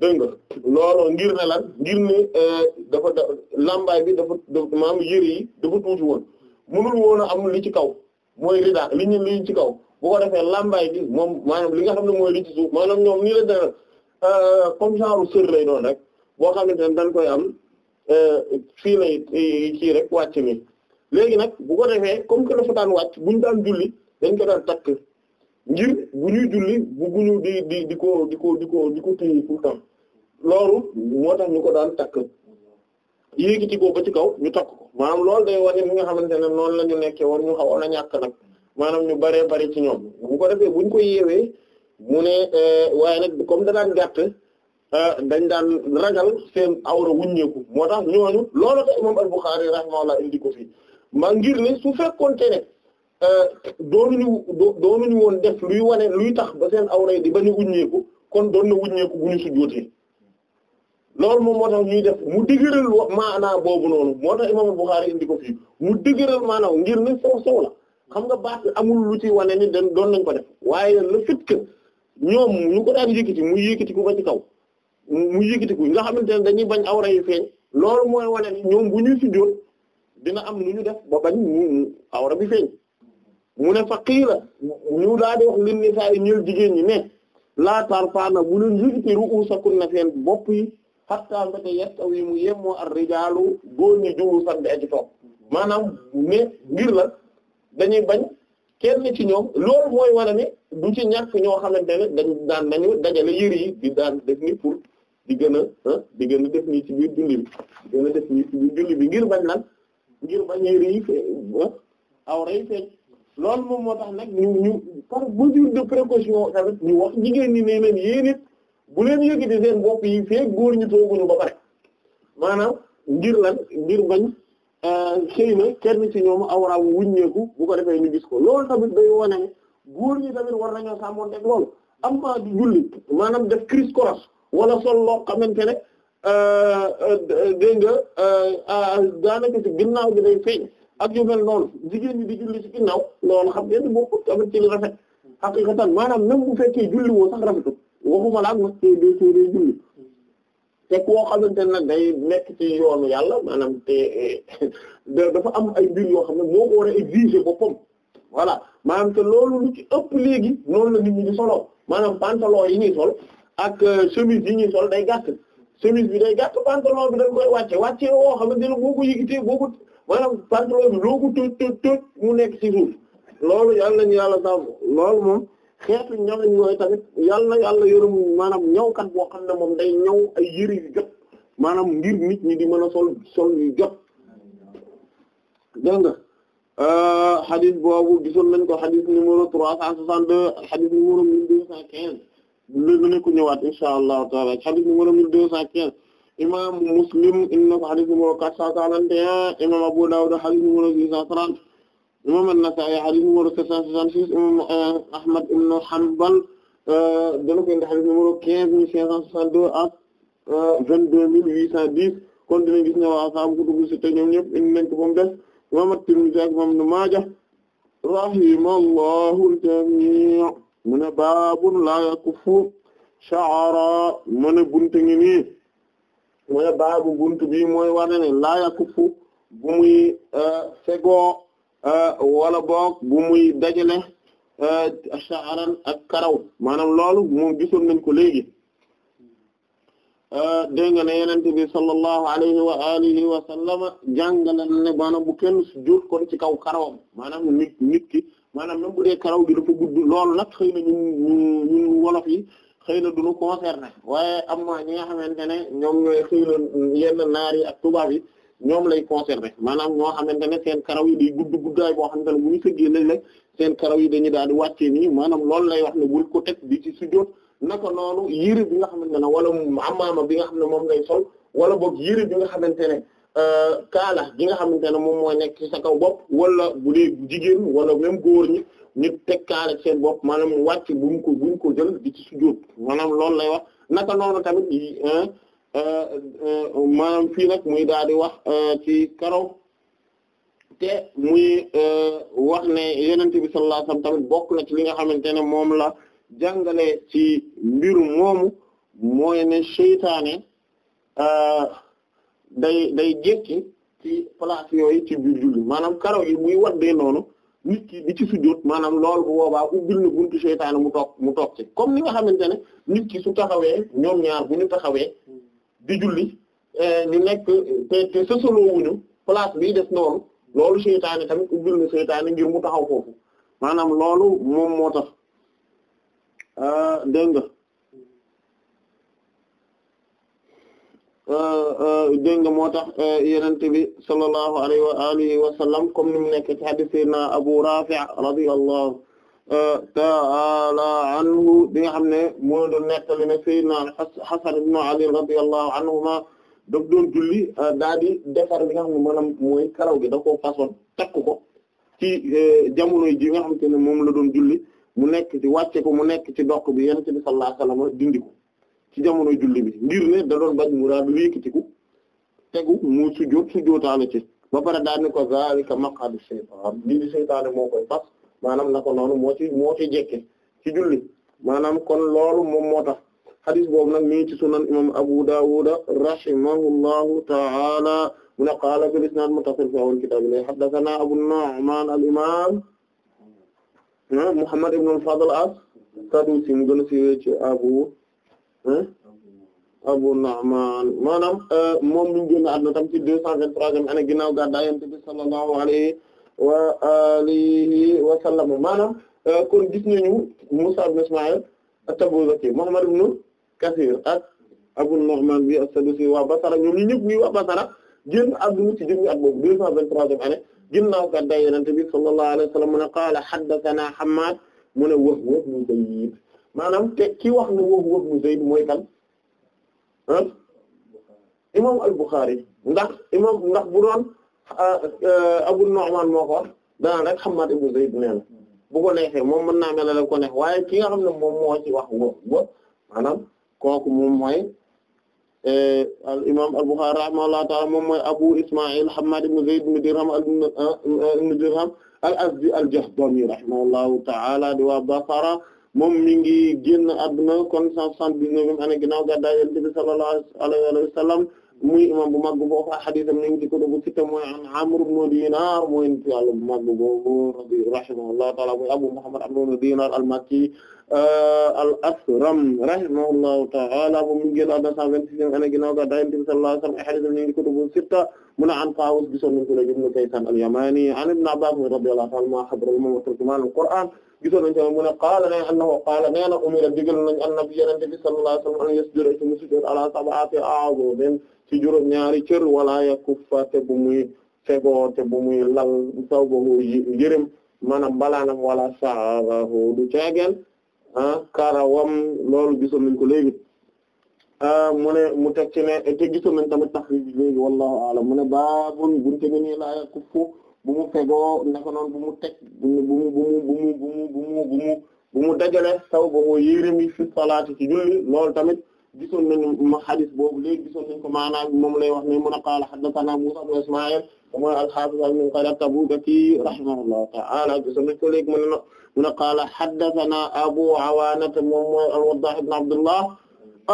dégg nga loolu ngir ne lan ngir ne euh, dafa da lambaay bi dafa maam yëre yi dafa tuuti woon mënul woon am li ci kaw mooy rida li ñu li ci kaw bu ko defee lambaay bi moom maanaam li nga xam ne mooy li ci suuf maanaam ñoom nii la dara euh, comme genre sër lay noon rek boo xamante ne dañ koy am euh, fii lay kii rek wàcc mi léegi nag bu ko defee comme que dafa daan wàcc bu daan julli dañ ko daan takk ngir bu ñuy julli bu di di di ko di ko di ko di ko téye tout temps loolu moo tax ñu ko daan takk yéegiti ko ba ci kaw ñu takk ko maanaam lool day wane ni nga xamante ne noonu la ñu nekkee woon ñu xawoon a ñàkk nag maanaam ñu baree bari ci ñoom bu ko defee buñ koy yeewee mu ne eh, waaye nag comme da daan gàtt eh, dañ daan ragal seen awra wuññeeku moo tax ñooñu loolu te imam al-Bukhari rahimahullah indi ko fii maa ngir ne su fekkoonte ne eh, doonuñu doonuñu woon def luy wane luy tax ba seen awra yi di bañ a wuññeeku kon doon na wuññeeku bu ñu sujjóotee loolu moom moo tax ñuy def mu dëgëral maanaa boobu noonu moo tax imaam Bukhari indi ko fii mu dëgëral maanaam ngir ne sow sow la xam nga baat amul lu ci wane ni den doon nañ ko def waaye le fait que ñoom ñu ko daan yëkkati mu yëkkati ko ba ci kaw mu yëkkati ko nga xamante ne dañuy bañ awra yi loolu mooy wane ni ñoom bu ñuy sujjóot dina am lu ñu def ba bañ mu awra bi feeñ mu ne fa xii la ñu daal di wax lin ni saa yi ñël jigéen ñi ne laatar faana bu leen yëkkati ru'usakunna seen bopp yi xattaa nga te yet aw yi mu yemmoo ak rijaalu góor ñu juwu bi aji toog maanaam ne ngir la dañuy bañ kenn ci ñoom loolu mooy wara ne du ci ñàkk ñoo xamante ne dañu daan nañu dajale yër yi di daan def ni pour di gën a ah, di gën def nii ci biir julli bi bi ngir bañ lan ngir bañ a rëy fee ah, aw rëy fee loolu moom moo tax nag ñu ñu par mesure de précaution tamit ñu wax jigéen ne leen yéen bu leen yëkkati seen bopp yi feek góor ñi tooguñu ba pare maanaam ngir lan ngir bañ euh, xëy na kenn ci ñoom wu wuññeeku bu ko defee ñu gis ko loolu tamit day wane na góor ñi tamit war nañoo sàmmoon teg loolu am na di julli maanaam def crise koros wala sol loo xamante ne euh, euh, dégg nga daanaka ci ginnaaw gi day feeñ ak yu mel jigéen ñi di julli ci ginnaaw loolu xam ngeen bokkut tamit ci li rafet xaqiqatan maanaam même bu fekkee julli woo sax rafetul waxuma la ak mos cee dee soo dee julli te koo xamante ne day nekk ci yoonu yàlla maanaam te eh, dafa am ay mbir yoo xam ne moo ko war boppam voilà maanam te loolu nu ci ëpp léegi noonu la nit ñi di soloo maanaam pantalon yi ñuy sol ak euh, chemise yi ñuy sol day gàtt chemise bi day gàtt pantalon bi dañ koy wàcce wàcce woo xam ne boo ko yëgitee boo ko maanaam pantalon bi loo mu nekk ci suuf loolu yàlla nañu yàlla sàmm loolu moom. xeetu ñawin mooy tamit yàlla yàlla yërëm maanaam ñawkat boo xam ne moom day ñaw ay yëri yu jot maanaam ngir nit ñi di mën a sol sol yu jot dégg nga euh, xadis boobu gisoon nañ ko xadis numéro trois cent soixante-deux xadis numéro mille deux cent quinze léegi ko ñëwaat insha allahu taala xadis numéro mille deux cent quinze imam Muslim indi na ko xadis numéro quatre cent quarante et un imam Abu Dawud xadis numéro six cent trente imam an-Nasa'i hadith numéro 766 imam euh, Ahmad ibn Hanbal dana euh, ko indi hadith numéro 15562 ak 22810 euh, kon dinañ gis ne waa saabu kutubu sitta ñoom ñëpp indi nañ ko moom def imam at-Tirmidhi ak imam a Maaja rahimallahu al-jami' mu ne baabun la yakfu sha'ra mu ne buntu ngi nii mu baabu buntu bi mooy wane ne la yakfu bu muy Euh, wala boog bu muy dajale euh, sha'ran ak karaw maanaam loolu moom gisoon nañ ko léegi euh, dégg nga ne yonent bi sallallahu alayhi wa alihi wa sallama jàngale ne maanaam bu kenn su jot kon ci kaw karawam maanaam nit nit ki maanaam même bu dee karaw gi dafa gudd loolu nag xëy na ñun ñun wolof yi xëy na duñu concerné waaye am na ñi nga xamante ne ñoom ñooy xëy na yenn naar yi ak tubaab yi ñoom lay concerner maanaam ñoo xamante ne seen karaw yi day gudd guddaay boo xamante ne bu ñu sëggee léeg-léeg seen yi dañuy daal di wàccee nii maanaam loolu lay wax ne bul ko teg di ci sujjóot naka noonu yére bi nga xamante ne wala amaama bi nga xam ne moom ngay sol wala boog yére bi nga xamante ne euh, kaala gi nga xamante ne moom mooy nekk ci sa kaw bopp wala bu dee jigéen wala même góor ñi ñu teg kaala seen bopp maanaam wàcc buñ ko buñ ko jël di ci sujjóot maanaam loolu lay wax naka noonu tamit euh, Euh, euh, euh, maanaam fii nag muy daal di wax ci karaw te muy wax ne yonent bi sallallahu tamit bokk na ci li nga xamante ne moom la jàngale ci mbir moomu mooy ne seytaane day day jekki ci place yooyu ci biir julli maanaam karaw yi muy waddee noonu nit ki di ci sujjóot maanaam lool bu boobaa ubbil na buntu seytaane mu toog mu toog ci comme ni nga xamante ne nit ki su taxawee ñoom ñaar bu ñu taxawee di julli ñu eh, nekk te te sësaloo wuñu place bii des noonu loolu seytaane tamit ubbil na seytaane ngir mu taxaw foofu maanaam loolu moom moo tax euh, dégg nga euh, euh, dégg nga moo tax yenente bi sallallahu alayhi wa alihi wa sallam comme ni mu nekk ci hadith Abu Rafi' radiyallahu ta'ala anhu bi nga xam ne moo doon nettali ne Seydina Hasan ibn Ali radiyallahu anhuma daf doon julli euh, daal di defar bi nga xam ne maanaam mooy karaw gi da koo façon takk ko ci euh, jamono ji nga xam te ne moom la doon julli mu nekk ci wàcce ko mu nekk ci doq bi Yonent bi sallallahu alayhi wasallam dindi ko ci jamono julli bi ngir ne da doon bañ mu daal di yëkkatiku tegu mu sujjóot sujjóotaale ci ba pare daal ni ko zaalika maq'adu shaytaan lii di seytaane moo koy fas maanaam na ko noonu moo ci moo ci jekke ci julli maanaam kon loolu moom moo tax xadis boobu nag mi ngi ci sunan imam Abu Dawud rahimahullahu ta'ala mu ne qaala fil isnaad muttasil fi awwal kitaab li haddathana Abu Nu'man al imam ah, Muhammad ibn al-Fadl as-Sadusi mu gën a siiwee ci Abu ah, Abu Nu'man maanaam eh, moom mi ngi génn àdduna tam ci deux cent vingt-troisième année ginnaaw gàddaay Yonent bi sallallahu alayhi wa alihi wa sallam maanaam euh, kon gis nañu Musa ibn Ismaïl at-Tabuzaki Muhammad ibn Kathir ak Abu Nu'man bi as-Sadusi waa Basra ñoom ñu ñëpp ñuy waa Basra génn àdduna ci jëmmi at boobu deux cent vingt-troisième année ginnaaw gàddaay Yonent bi sallallahu alayhi wa sallam mu ne qaala haddathanaa Hammaad mu ne Wahb ibn Zayd maanaam te ki wax ne Wahb ibn Zayd mooy kan ah imam al-Bukhari ndax imam ndax bu doon Ah, euh, Abu Nu'man moo ko wax danaan rek Hammad ibn Zayd nee bu ko moom mën naa melale ko neex waaye ki nga xam ne moom moo ci wax wo wo kooku moom mooy euh, al imaam al Bukhari rahimahullahu ta'ala moom mooy Abu Isma'il Hammad ibn Zayd ibn Dirham euh, ibn Dirham al-Azdi al-Jahdami rahimahullahu ta'ala di waa Basra moom mi ngi génn àdduna kon cent soixante-dix-neuf ane ginnaaw gàddaay Yonent bi sallallahu wa sallam muy imam bu mag boo fa xadisam ni ngi ci kutubu sitta mooy an Amr ibn Dinar mooy nit yàlla bu mag boobu rahimahullahu ta'ala mooy Abu Muhammad Amr ibn Dinar al-Makki euh, al-Asram rahimahullahu ta'ala moom mi ngi génn àdduna 126 an ginnaaw ga Yonent bi sallallahu alayhi wa sallam ay xadisam ni ngi ci kutubu sitta mun an Qaawus gisoon nañu ko la ibn Kaysan al-Yamani an Ibn Abbas radiyallahu anhuma xabrul moom wa turjumaan al-Qur'an gisoon nañu ko mu ne qaala nee annahu qaala nee na umira digal nañu an-nabi Yonent bi sallallahu alayhi wa sallam an yasjuda ci mu sujjóot ala sab'ati a'zum ci juróom ñaari cër wala yakuffa te bu muy fegoo te bu muy lal sawbahu yërëm maanaam balaanam wala sa'ahu du caageen ah karawam loolu gisoon nañ ko léegi ah, mu ne mu teg ci ne te gisoon nañ tamit tax bi léegi wallahu a'lam mu ne baabun bunte gi nii laa yakuffu bu mu fegoo naka noonu bu mu teg bu mu bu mu bu mu fi salaati ci julli tamit gisoon nañu ma xadis boobu léegi gisoon nañ ko maanaam moom lay wax ne mun a qaala haddathana Muusaa ibn Ismaa'iil mooy al-Haafiz ibn Kathir at-Tabuudaki rahimahullahu ta'aala gisoon nañ ko léegi mun mun a qaala haddathana Abu Awaana moom mooy al-Waddaah ibn Abdullah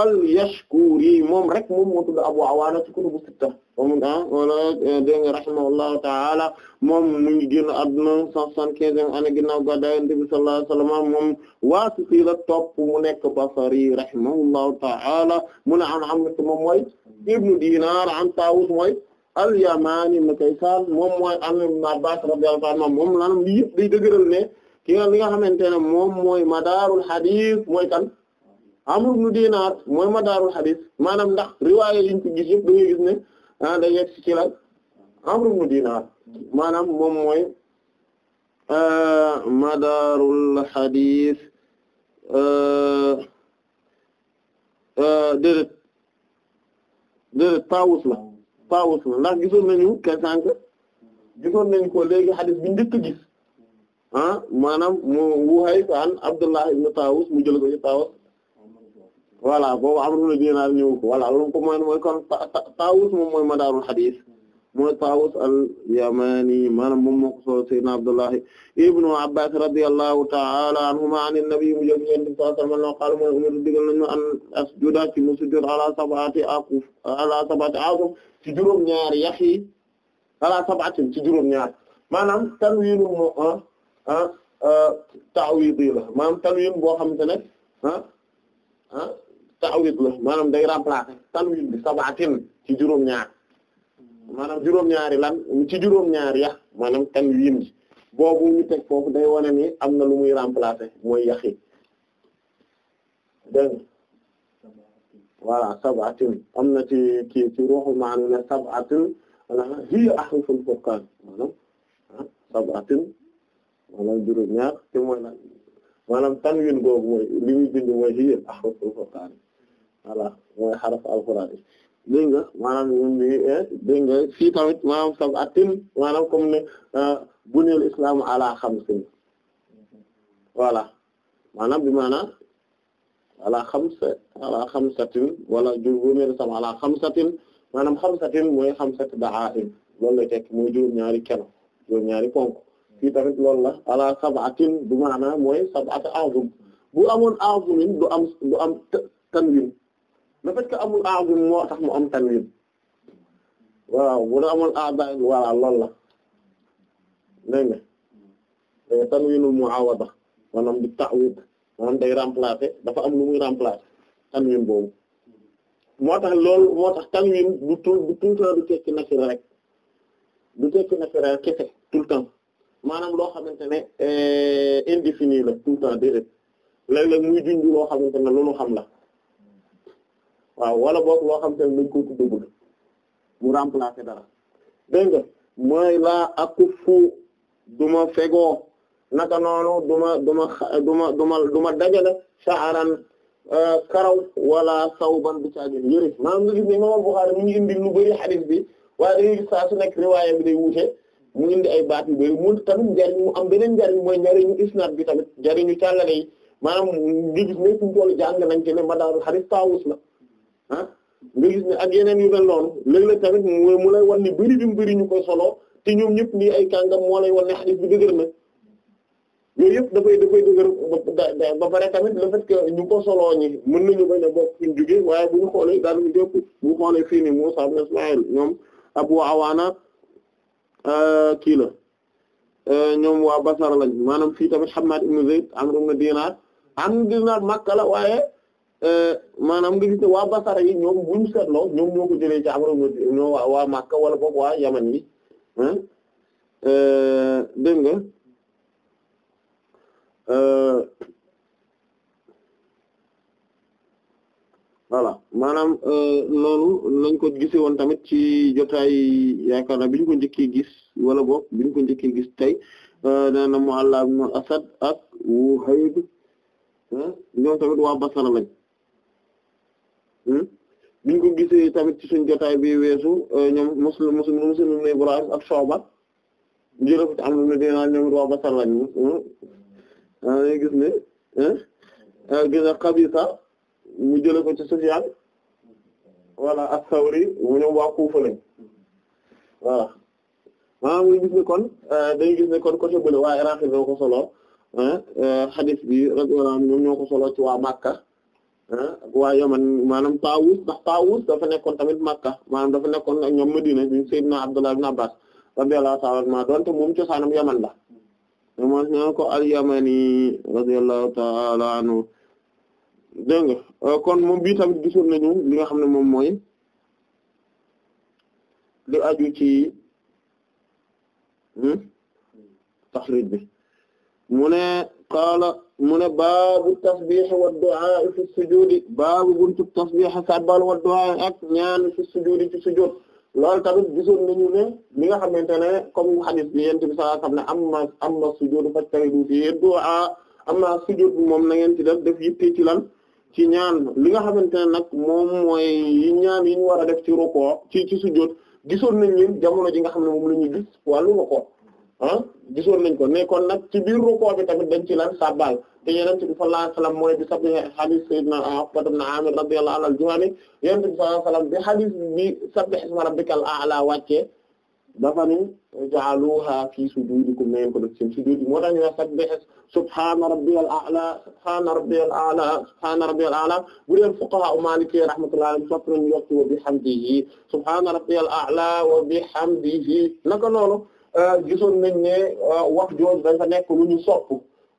al-Yashkuuri moom rek moom moo tudd Abu Awaana ci kutubu sitta moom ah wala eh, dégg nga rahimahullahu moom mu ngi génn àdduna ginnaaw gàddaay Yonent moom Waasiti la topp mu nekk Basri rahimahullahu mu ne an Amr moom mooy ibnu Dinar an Tawus mooy al-Yamani ibn Kaysan moom mooy an Ibn Abbas radiyallahu anhu moom lanam li yëpp day dëgëral ki nga xamante ne moom mooy madaarul hadith mooy kan Amr ibn Dinar mooy madaarul hadith maanaam ndax riwaaya yiñ ko gis ne ah day yegg ci lan Amr ibn Dinar moom mooy ah, madarul hadith ah, ah, déedéet déedéet Tawus la Tawus la ndax gisoon nañu kay sànq gisoon nañu ko léegi hadith bi njëkk gis ah maanaam mu Wuhayf an Abdullah ibn Tawus mu jël koy ci Tawus voilà boobu amru la dinaar ñëw voilà loolu ko mooy mooy kon Taawus moom mooy madaarul xadiis mooy Taawus al-Yamani maanaam moom moo ko solo Seydina Abdullahi ibnu Abbaas radiyallahu ta'ala anhuma an an-nabi mu jël ñeen di sallallahu alayhi wa sallam qaala mooy umirtu digal nañu an asjuda ci mu sujud ala sab'ati aquf ala sab'ati aquf ci juróom ñaar yaxi ala sab'ati ci juróom ñaar maanaam tanwiinu moo ah ah, ah ta'wiid la maanaam tanwiin boo xamante ne ah ah ta'wid la maanaam day remplacer tanwin bi sabaatin ci juróom-ñaar maanaam juróom-ñaari lan ci juróom-ñaar yax maanaam tanwin bi boobu ñu teg foofu day wane ni am na lu muy remplacer mooy yax yi dégg voilà am na ci kii ci ruuxu ah, maanaam ne ah, sabaatin maanaam hiya ahruful furqan maanaam bind mooy hiya voilà mooy xaraf alquran yi dégg nga maanaam eh, dégg nga fii tamit maanaam sab'atin maanaam comme ne eh, buniyal islaamu ala xamsin voilà maanaam bi maanaam ala xamsa ala xamsatin wala buniyal islaamu ala xamsatin maanaam xamsatin mooy xamsatu da'aa'im loolu la tekk mooy juróom-ñaari keno juróom-ñaari ponk fii tamit loolu la ala sab'atin bu maanaam mooy sab'atu a'zum bu amoon a'zumin du am du am tanwin le fait que amul aazim moo tax mu am tanwin waaw bu da amul aazim voilà loolu la dégg nga tanwinul muawada maanaam di ta'wid maanaam day remplacer dafa am lu muy remplacer tanwin boobu moo tax lool moo tax tanwin du tout du tout le temps du tekki nakira rek du tekki nakira rek kese tout le temps maanaam loo xamante ne euh, indéfini la tout le temps déedéet léeg-léeg muy junj loo xamante ne loolu xam la waaw wala boog loo xam te ne dañ ko tuddagul mu remplacer dara dégg nga mooy laa akufu duma fegoo naka noonu duma duma duma duma duma dajale sha'ran euh, karaw wala sawban du caagin yëre maanaam nga gis ne imam Bukhari mu ngi indi lu bari hadith bi waaye dañuy gis saa su nekk riwaaya bi day wuute mu indi ay baat yu bari mu tamit njariñ mu am beneen njariñ mooy njariñu isnaad bi tamit njariñu càllale yi maanaam nga gis ne suñu tool jàng nañ ci ne madaarul hadith taawus la ah nga gis ne ak yeneen yu mel noonu léeg-léeg tamit mu lay wan ni bëri bi mu ñu koy soloo te ñoom ñëpp nii ay kàngam moo lay wan ne xadis bi dëgër na yooyu yëpp dafay dafay dëgër ba pare tamit le fait que ñu ko soloo ñi mën nañu bañ a bokk fi ñu jógee waaye bu ñu xoolee daal ñu jëpp bu ñu xoolee fii nii Muusaa ibn Ismaayil ñoom Abu Awaana euh, kii la euh, ñoom waa Basra lañ maanaam fii tamit Hammaad ibn Zayd Amr ibn Dinaar Amr ibn Dinaar Makka la waaye Euh, maanaam nga gis ne waa Basara yi ñoom bu ñu seetloo ñoom ñoo ko jëlee ci waa waa Makka wala boog waa Yaman yi euh, dégg nga euh, voilà maanaam loolu lañ ko gise woon tamit ci jotaay yaakaar naa bi ko njëkkee gis wala boog bi ko njëkkee gis tey nee na Mu'alla ibn Asad ak Wuhayb ñoom tamit waa Basara lañ Hmm? biñ ko gisee tamit ci suñ jotaay bi weesu euh, ñoom muslim muslim muslim ibn Ibrahim ak Shu'ba njërëfti am na ne dinaa ñoom waa Basra lañ hmm? ah, dañuy gis ne euh, gis a Qabisa mu jële ko ci Sufyaan voilà as-Sawri mu ñoom waa Kufa lañ voilà maanaam ñu gis ne kon euh, dañuy gis ne kon côté bële waa Iraq ñoo ko solo hadith bi radiyallahu anhum ñoom ñoo ko solo ci waa Makka ak waa Yaman maanaam Taawus ndax Taawus dafa nekkoon tamit Makka maanaam dafa nekkoon ak ñoom Madina ñu Seydina Abdullah ibn Abbas radiyallahu ta'ala anhuma donte moom cosaanam Yaman la moom ñu ko al-Yamani radiyallahu ta'ala anhu dégg nga euh, kon moom bii tamit gisoon nañu li nga xam ne moom mooy li aju ci hmm, taxrij bi mu ne mu ne baabu tasbih wa du'a fi sujudi baabu buntu tasbih sabbal wa du'a ak ñaan fi sujudi ci sujud loolu tamit gisoon nañu ne li nga xamante ne comme hadith bi yent bi sallallahu alayhi wa sallam ne amma amma sujud fajtaridu fi du'a amma sujud moom na ngeen ci def def yitte ci lan ci ñaan li nga xamante ne nag moom mooy yi ñaan yi ñu war a def ci ruku ci ci sujud gisoon nañ leen jamono ji nga xam ne moom la ñuy gis wàllu ruku ah gisoon nañ ko ne kon nag ci biir rukkoo bi tamit dañ ci lan sabbal te yonent bi sallallahu alayhi wasallam mooy bi sabbi hadith sayyidina Uqbata ibn Amir radiyallahu anhu al-Juhani yonent bi sallallahu alayhi wasallam bi hadith bi sabbih isma rabbikal a'la wàccee dafa ni ja'aluha fi sujudikum na ngeen ko def seen sujud moo tax ñu wax sabbih subhana rabbiyal a'la subhana rabbiyal a'la subhana rabbiyal a'la bu dee fuqaha maliki rahmatullahi alayhim sopp nañu yokk wa bihamdihi subhana rabbiyal a'la wa bihamdihi naka noonu Euh, gisoon nañ ne euh, wax jooju dafa nekk lu ñu sopp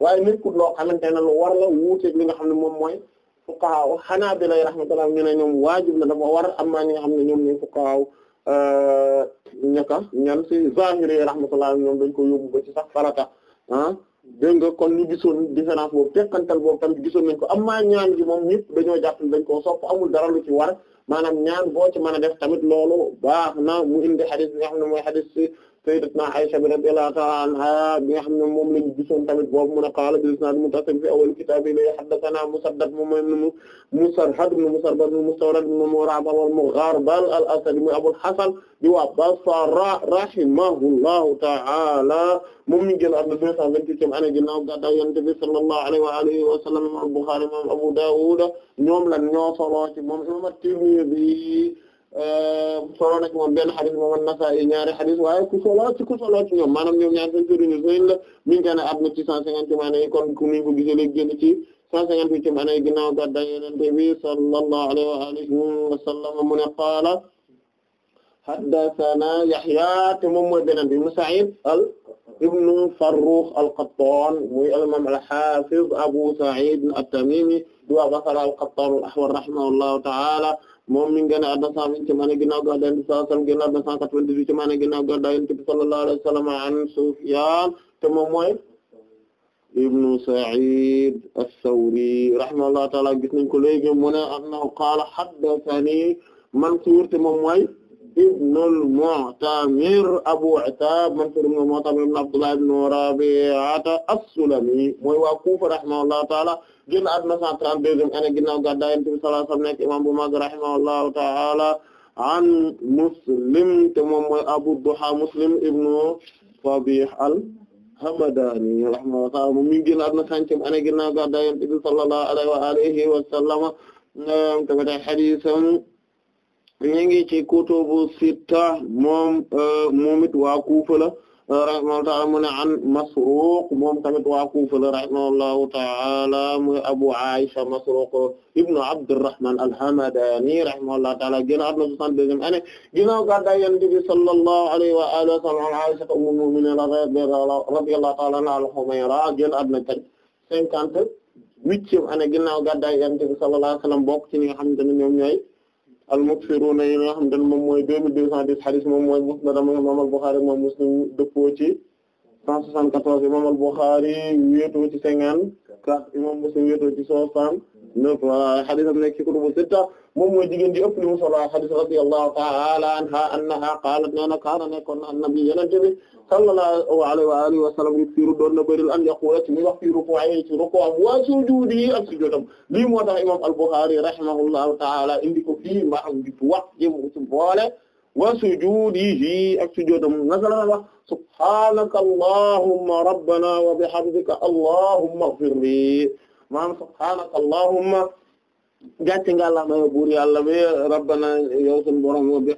waaye nekkul loo xamante ne lu war la wuuteeg li nga xam ne moom mooy fuqahaa xanaabila rahmatullah ñu ne ñoom waajib la dafa war am ñi nga xam ne ñoom ñooy fuqahaa euh, ñaka ñan ci zahiri rahmatullah ñoom dañ ko yóbbu ba ci sax farata ah dégg nga kon ñu gisoon différence boobu tekkantal boobu tamit gisoon nañ ko am maa ñaan gi moom ñëpp dañoo jàpp dañ koo sopp amul dara lu ci war maanaam ñaan boo ci mën a def tamit loolu baax na mu indi xadis bi mooy xadis sayyidatuna Aisha bi radiyallahu ta'ala anha bi nga xam ne moom lañu gisoon tamit boobu mu ne qaala bi isnaad muttasil fi awwal kitaab li haddathana Musaddad moom mooy Musarhad ibn Musarbad ibn Mustawrad ibn Murabal al-Mugharbal al-Asadi muy Abul Hasan di waa Basra rahimahullahu ta'ala moom mi ngi génn àdduna 228 année ginnaaw gàddaay Yonent bi sallallahu alayhi wa Euh, solo na ci moom benn xadis moom an-Nasaa'i ñaari xadis waaye ku solo ci ku solo ci ñoom maanaam ñoom ñaari seen sëriñ ñoom la mi ngi gën a àdduna ci 150 maanaam kon ku ñu ko gisee léegi génn ci 150 ci maanaam ginnaaw gàddaay Yonent bi sallallahu alayhi wa alihi wa sallam mu ne qaala haddasanaa Yahyaa te moom mooy beneen bi mu Sa'iid al ibnu Farrukh al-Qattaan muy al-imaam al-haafiz Abu Sa'iid at-Tamiimi wa Basra al-Qattaan al-Ahwal rahimahullahu ta'aala moom mi ngi gën a àdduna 120 ci maanaam ginnaaw gàddaa yonent bi sallallahu alayhi wasallam ginnaaw 298 ci maanaam ginnaaw gàddaa yonent bi sallallahu alayhi wasallam an Sufyan te moom mooy ibnu Sa'id as-Sawri rahimahullahu ta'ala gis nañ ko léegi mu ne annahu qaala haddathani Mansur te moom mooy ibnu al-Mu'tamir Abu Attab Mansur ibnu al-Mu'tamir ibnu Abdullah ibnu Rabi'ata as-Sulami mooy waa Kufa rahimahullahu ta'ala génn àdduna 132e année ginnaaw gàddaay Yonent bi sallallahu alayhi nekk imam bu mag rahimahullahu ta'ala an Muslim te moom mooy Abu Duha Muslim ibnu Fabih al-Hamdani rahimahullahu ta'ala moom mi ngi génn àdduna 50e année ginnaaw gàddaay Yonent bi sallallahu alayhi wa ngi ci kutubu sitta moom moom waa Kufa la rahimahullahu ta'ala mu ne an Masruq moom tamit waa Kufa la rahimahullahu ta'ala muy Abu Aisha Masruq ibnu Abdurrahman al-Hamadani rahimahullahu ta'ala génn àdduna 62e année ginnaaw gàddaay Yonent bi sallallahu alayhi wa alihi wa sallam an Aisha ummul mu'minin radiyallahu ta'ala anha al-Humayra génn àdduna 58e année ginnaaw gàddaay Yonent bi sallallahu alayhi wa sallam bokk ci ñi nga xamante ne ñoom ñooy al-muksiruna yi nga xam ne moom mooy deux mille deux cent dix hadith moom mooy musnad imam al-Bukhari moom Muslim dëppoo ci cent soixante-quatorze imam al-Bukhari wéetoo ci cinquante-quatre imam Muslim wéetoo ci soixante neuf xadisam nekk ci kutubu sitta moom mooy jigéen ji ëpp li mu solo xadis radiyallahu ta'ala anha annaha qaalat nee na kaana nekkoon na annabi yenente bi sallallahu alayhi wa alihi wa sallam yuktiru doon na bëril an yaqula ci muy wax fi ruku'i ci ruku'am wa sujudi ak sujudam lii moo tax imam al-Bukhari rahimahullahu ta'ala indi ko fii maa am jitu wax jëm ci boole wa sujudihi ak sujudam nasala wax subhanaka allahumma rabbana wa bihamdika allahumma ighfir li maanaam subhaanaka allahumma gàcce ngàllaama yo buur yàlla bi rabbana yow suñu borom wa bi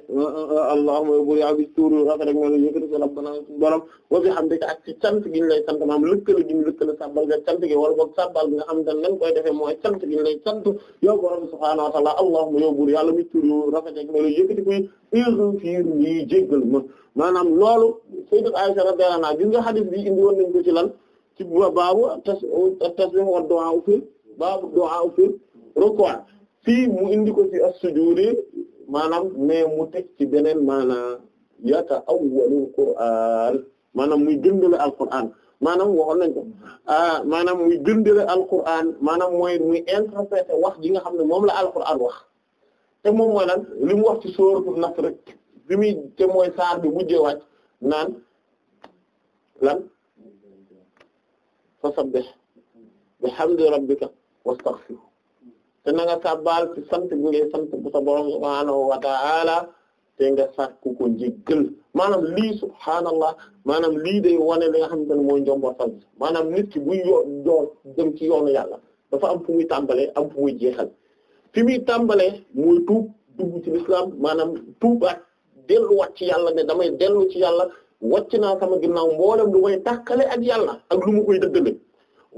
allahumma yo buur yàlla bi tuuru rafet rek mel yëkkati ko rabbana suñu borom wa bi hamdika ak ci cant gi ñu lay sant maam lëkkale gi ñu lëkkale sàbbal nga cant gi wala boog sàbbal bi nga xam ne nañ koy defee mooy cant gi ñu lay sant yow borom subhaanahu wa ta'aala allahumma yo buur yàlla bi tuuru rafet rek mel yëkkati koy ighfir li jéggal ma maanaam loolu sayyidat Aisha radiyallahu anha gis nga hadith bi indi woon nañ ko ci lan ci baabu tas tasbih wa du'a fil baabu du'a fil ruku' fii mu indi ko ci as-sujud maanaam mais mu teg ci beneen maanaam yata'awwalul Qur'an maanaam muy gëndale Al-Qur'an maanaam waxoon nañ ko ah maanaam muy gëndale Al-Qur'an maanaam mooy muy interpréter wax ji nga xam ne moom la Al-Qur'an wax te moom mooy lan li mu wax ci sóoratul Nasr rek li muy te mooy saar bi mujjee naan lan. fa sabbih bihamdi rabbika wastaghfir te na nga kàbbaal ci sant bi ngay sant bu sa borom subhaanahu te nga sàkku ko njéggal maanaam lii subhaanallah maanaam lii de wane li nga xamante mooy njombortal bi maanaam nit ki buy yoo door dem ci yoonu yàlla dafa am fu muy tàmbalee am fu muy jeexal fi muy tàmbalee mooy tuub dugg ci lislaam maanaam tuubaat delluwaat ci yàlla ne damay dellu ci yàlla wàcc naa sama ginnaaw mboolem lu may tàkkale ak yàlla ak lu mu koy dëggale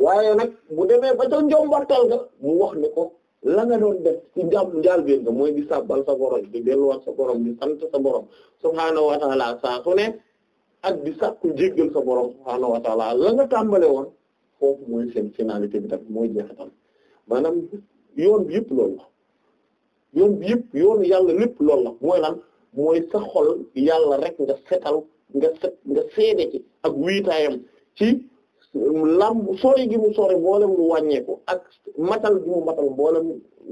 waaye nag mu demee ba ca njombartal nga mu wax ne ko la nga doon def ci jàmm njaal biir nga mooy di sabbal sa borom di delluwaat sa borom di sant sa wa taala saa su ne ak di sàkku jéggal sa borom subhaanahu wa taala la nga tàmbale woon foofu mooy seen finalité bi tamit mooy jeexital maanaam yoon bi yëpp loolu la yoon bi yëpp yoonu yàlla lépp lool la mooy la mooy sax xol yàlla rek nga setal nga set nga seede ci ak wiitaayam ci lamb sori gi mu sori mboolem lu wàññeeku ak matal gi mu matal mboolem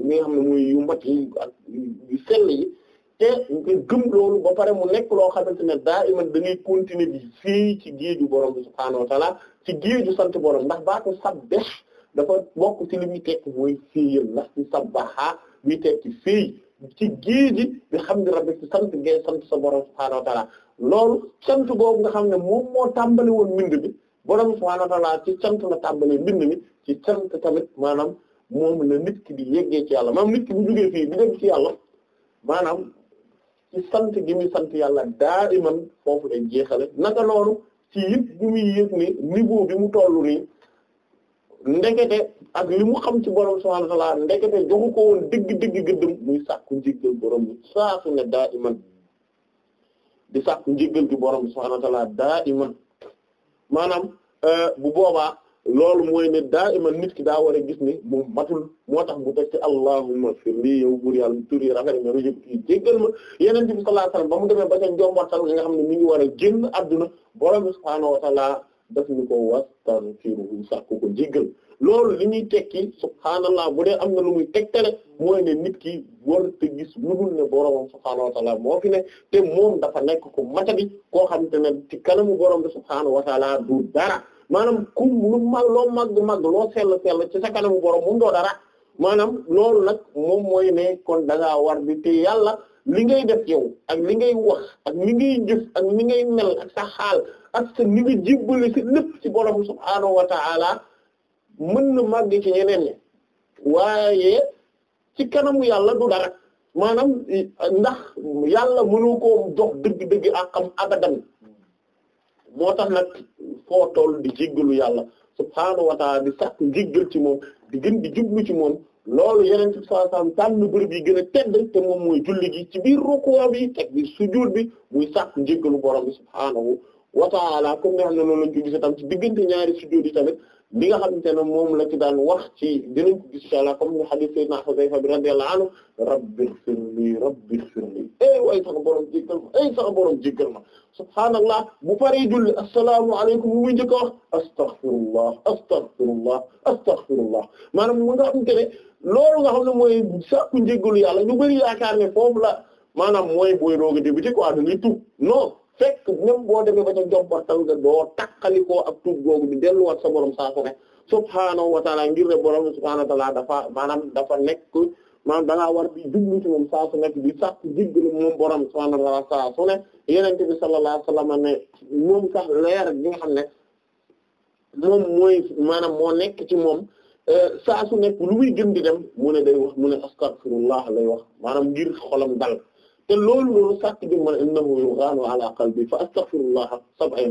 nga xam ne muy yu mat yi ak yu sell yi te pare mu nekk loo xamante ne daa iman da ngay continuer bi fii ci géeju borom bi subhaanahu wa ci géeju sant borom ndax baako sabbex dafa bokk ci li muy tekk mooy fiiyal ndax ci sabbaha muy tekk fii ci géeji bi xam ne rabbi ci sant ngay sant sa borom subhaanahu wa loolu sant boobu nga xam ne moom moo tàmbali woon mbind bi borom subhaanahu wa ci sant na tàmbali mbind mi ci sant tamit maanaam moom la nit ki di yeggee ci yàlla maanaam nit ki bu jugee fii di dem ci yàlla maanaam ci sant gi muy sant yàlla daa man foofu lay jeexale naka noonu ci yëpp bu muy yëg ne niveau bi mu toll nii ndekete ak li mu xam ci borom subhaanahu wa ta'aala ndekete joxu ko woon dëgg dëgg gëddëm muy sàkku njéggal borom bi saa ne daa iman di sàkku njéggal gi borom bi subhaanahu wa ta'aala daa iman maanaam euh, bu boobaa loolu mooy ne daa iman nit ki daa war gis ni mu matul moo tax bu teg ci allahumma firli yow buur yàlla tur yi rafet nga rëjëb kii jéggal ma yeneen bi sallallahu alayhi wasallam ba mu demee ba ca njombartal nga xam ne mi ngi war a adduna borom bi subhaanahu daf ñu ko wastaghfiruhu sàkku ko jéggal loolu li ñuy tekki subhaanallah bu dee am na lu muy tegtale mooy ne nit ki war te gis lu dul ne boromam subhaanahu wa moo ki ne te moom dafa nekk ko matadi koo xamante ne ci kanamu borom bi subhaanahu wa taala du dara maanaam ku lu mag loo mag mag loo sell sell ci sa kanamu borom moom doo dara maanaam loolu nag moom mooy ne kon da ngaa war di te yàlla li ngay def yow ak li ngay wax ak li ngay ak li ngay mel ak xaal ak sa ni nga jébbali si lépp ci borom subhaanahu wa ta'ala mën na màgg ci ñeneen ñi waaye ci kanamu yàlla du dara maanaam ndax yàlla mënu koo jox dëgg-dëgg ak am abadan moo tax nag foo toll di jéggalu yàlla subhaanahu wa ta'ala di sàkk njéggal ci moom di gën di jublu ci moom loolu yeneen ci saa saam tànn bërëb yi gën a tedd te moom mooy julli gi ci biir rukkoo bi teg biir sujuud bi muy sàkk njéggalu borom bi subhaanahu wa ta'ala comme nga xam ne noonu lañ ko tam ci diggante ñaari sujjóot yi tamit li nga xamante ne moom la ci daan wax ci dinañ ko gis inshallah comme ni hadith sayyidina Hudayfa bi radiyallahu anhu rabbighfirli rabbighfirli ay eh, way sax borom jéggal ma ay eh, sax borom jéggal ma subhaanallah bu paree julli assalaamu alaykum mu njëkk a wax astaghfirullah astaghfirullah astaghfirullah maanaam mu nga xamante ne loolu nga xam ne mooy sàkku njéggalu yàlla ñu bari yaakaar ne foofu la maanaam mooy booy doog a bu quoi da ngay tuub fekk moom boo demee ba ca jomportal nga doo takkalikoo ak tuub googu di delluwaat sa borom saa su ne subhaanahu wa taala ngir ne borom subhaanahu wa dafa nekk maanaam da ngaa war di jublu ci moom saa su nekk di sàkk jéggalu moom borom subhaanahu wa taala saa su bi moom sax leer gi xam ne mooy maanaam moo nekk ci moom euh, saa su lu muy gën di dem mu ne day wax mu ne astaghfirullah lay wax maanaam ngir xolam dal. te loolu loolu sàkk bi man innahu yughalu ala qalbi fa astaghfirullah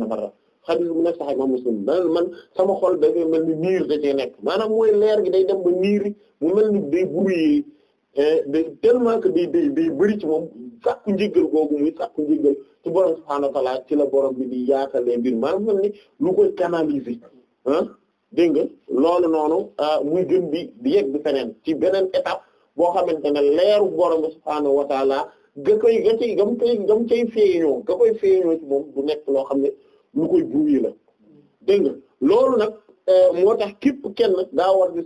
na marra xadis bu nekk sax imam muslim man man sama xol dafay mel ni niir da cee nekk maanaam mooy leer gi day dem ba niir mu mel ni day brouillé eh, day tellement que day day day bëri ci moom sàkku njéggal googu muy sàkku njéggal ci borom subhaanahu alaa ci la borom bi di yaatalee mbir maanaam mel ni lu koy canaliser ah dégg nga loolu noonu ah, muy gën di di yegg feneen ci beneen étape boo xamante ne leeru borom subhaanahu wa ga koy ga cay gam koy gam cay feeñoo ga koy feeñoo ci moom du nekk loo xam ne lu koy buuyi la dégg nga loolu nag euh, moo tax képp kenn daa war di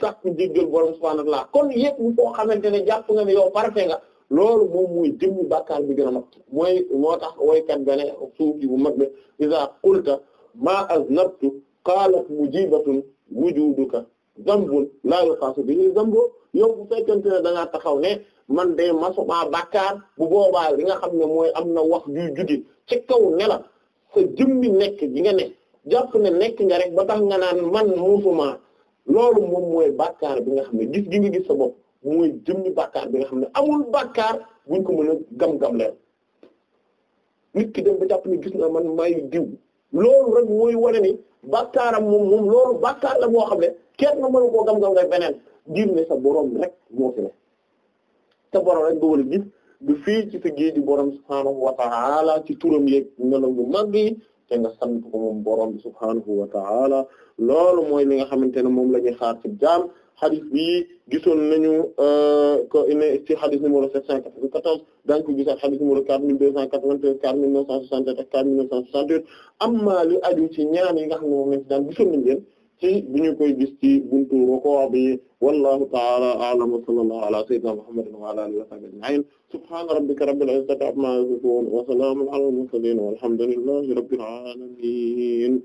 sàkku jéggal borom subhaanahu wa ta'ala kon yépp mu koo xamante ne jàpp nga ne yoo parfait nga loolu moom mooy jëmmi bàkkaar bi gën a mag mooy moo tax waykat bene suufi bu mag be iza qulta maa aznabtu qaalat mujibatun wujuduka zambun laa yuqaasu bihi zambo yow bu fekkente ne da taxaw ne man de masuma bàkkaar bu boobaa li nga xam ne mooy am na wax juy juge ci kaw ne la sa jëmmi nekk gi nga ne jàpp ne nekk nga rek ba tax nga naan man musuma loolu moom mooy bàkkaar bi nga xam ne gis gi nga gis sa bopp mooy jëmmi bàkkaar bi nga xam ne amul bàkkaar buñ ko mën a gam-gam leen nit ki dem ba jàpp ne gis na man may diw loolu rek mooy wane ni bàkkaaram moom moom loolu bàkkaar la boo xam ne kenn mënu koo gam-gam rek beneen diir ne sa borom rek moo te borom rek nga war a gis du fii ci sa géeju borom subhaanahu wa ta'ala ci turam yeeg melam yu mag yi te nga sant ko moom borom subhaanahu wa ta'ala loolu mooy li nga xamante ne moom la ñuy xaar ci jaam xadis bii gisoon nañu euh, ko ne ci xadis numéro 794 daañu ko gisaat xadis numéro 4293 4967 ak 4968 amma li aju ci ñaan yi nga xam ne moom lañ ci daan gisoon nañu leen. ci bu ñu koy gis ci buntu ruku' bi wallahu ta'ala a'lam wa sallallahu ala sayyidina muhammadin wa ala alihi wa sahbihi ajma'in subhana rabbika rabbil izzati amma yasifun wa salamun ala al mursalin walhamdulillahi rabbil alamin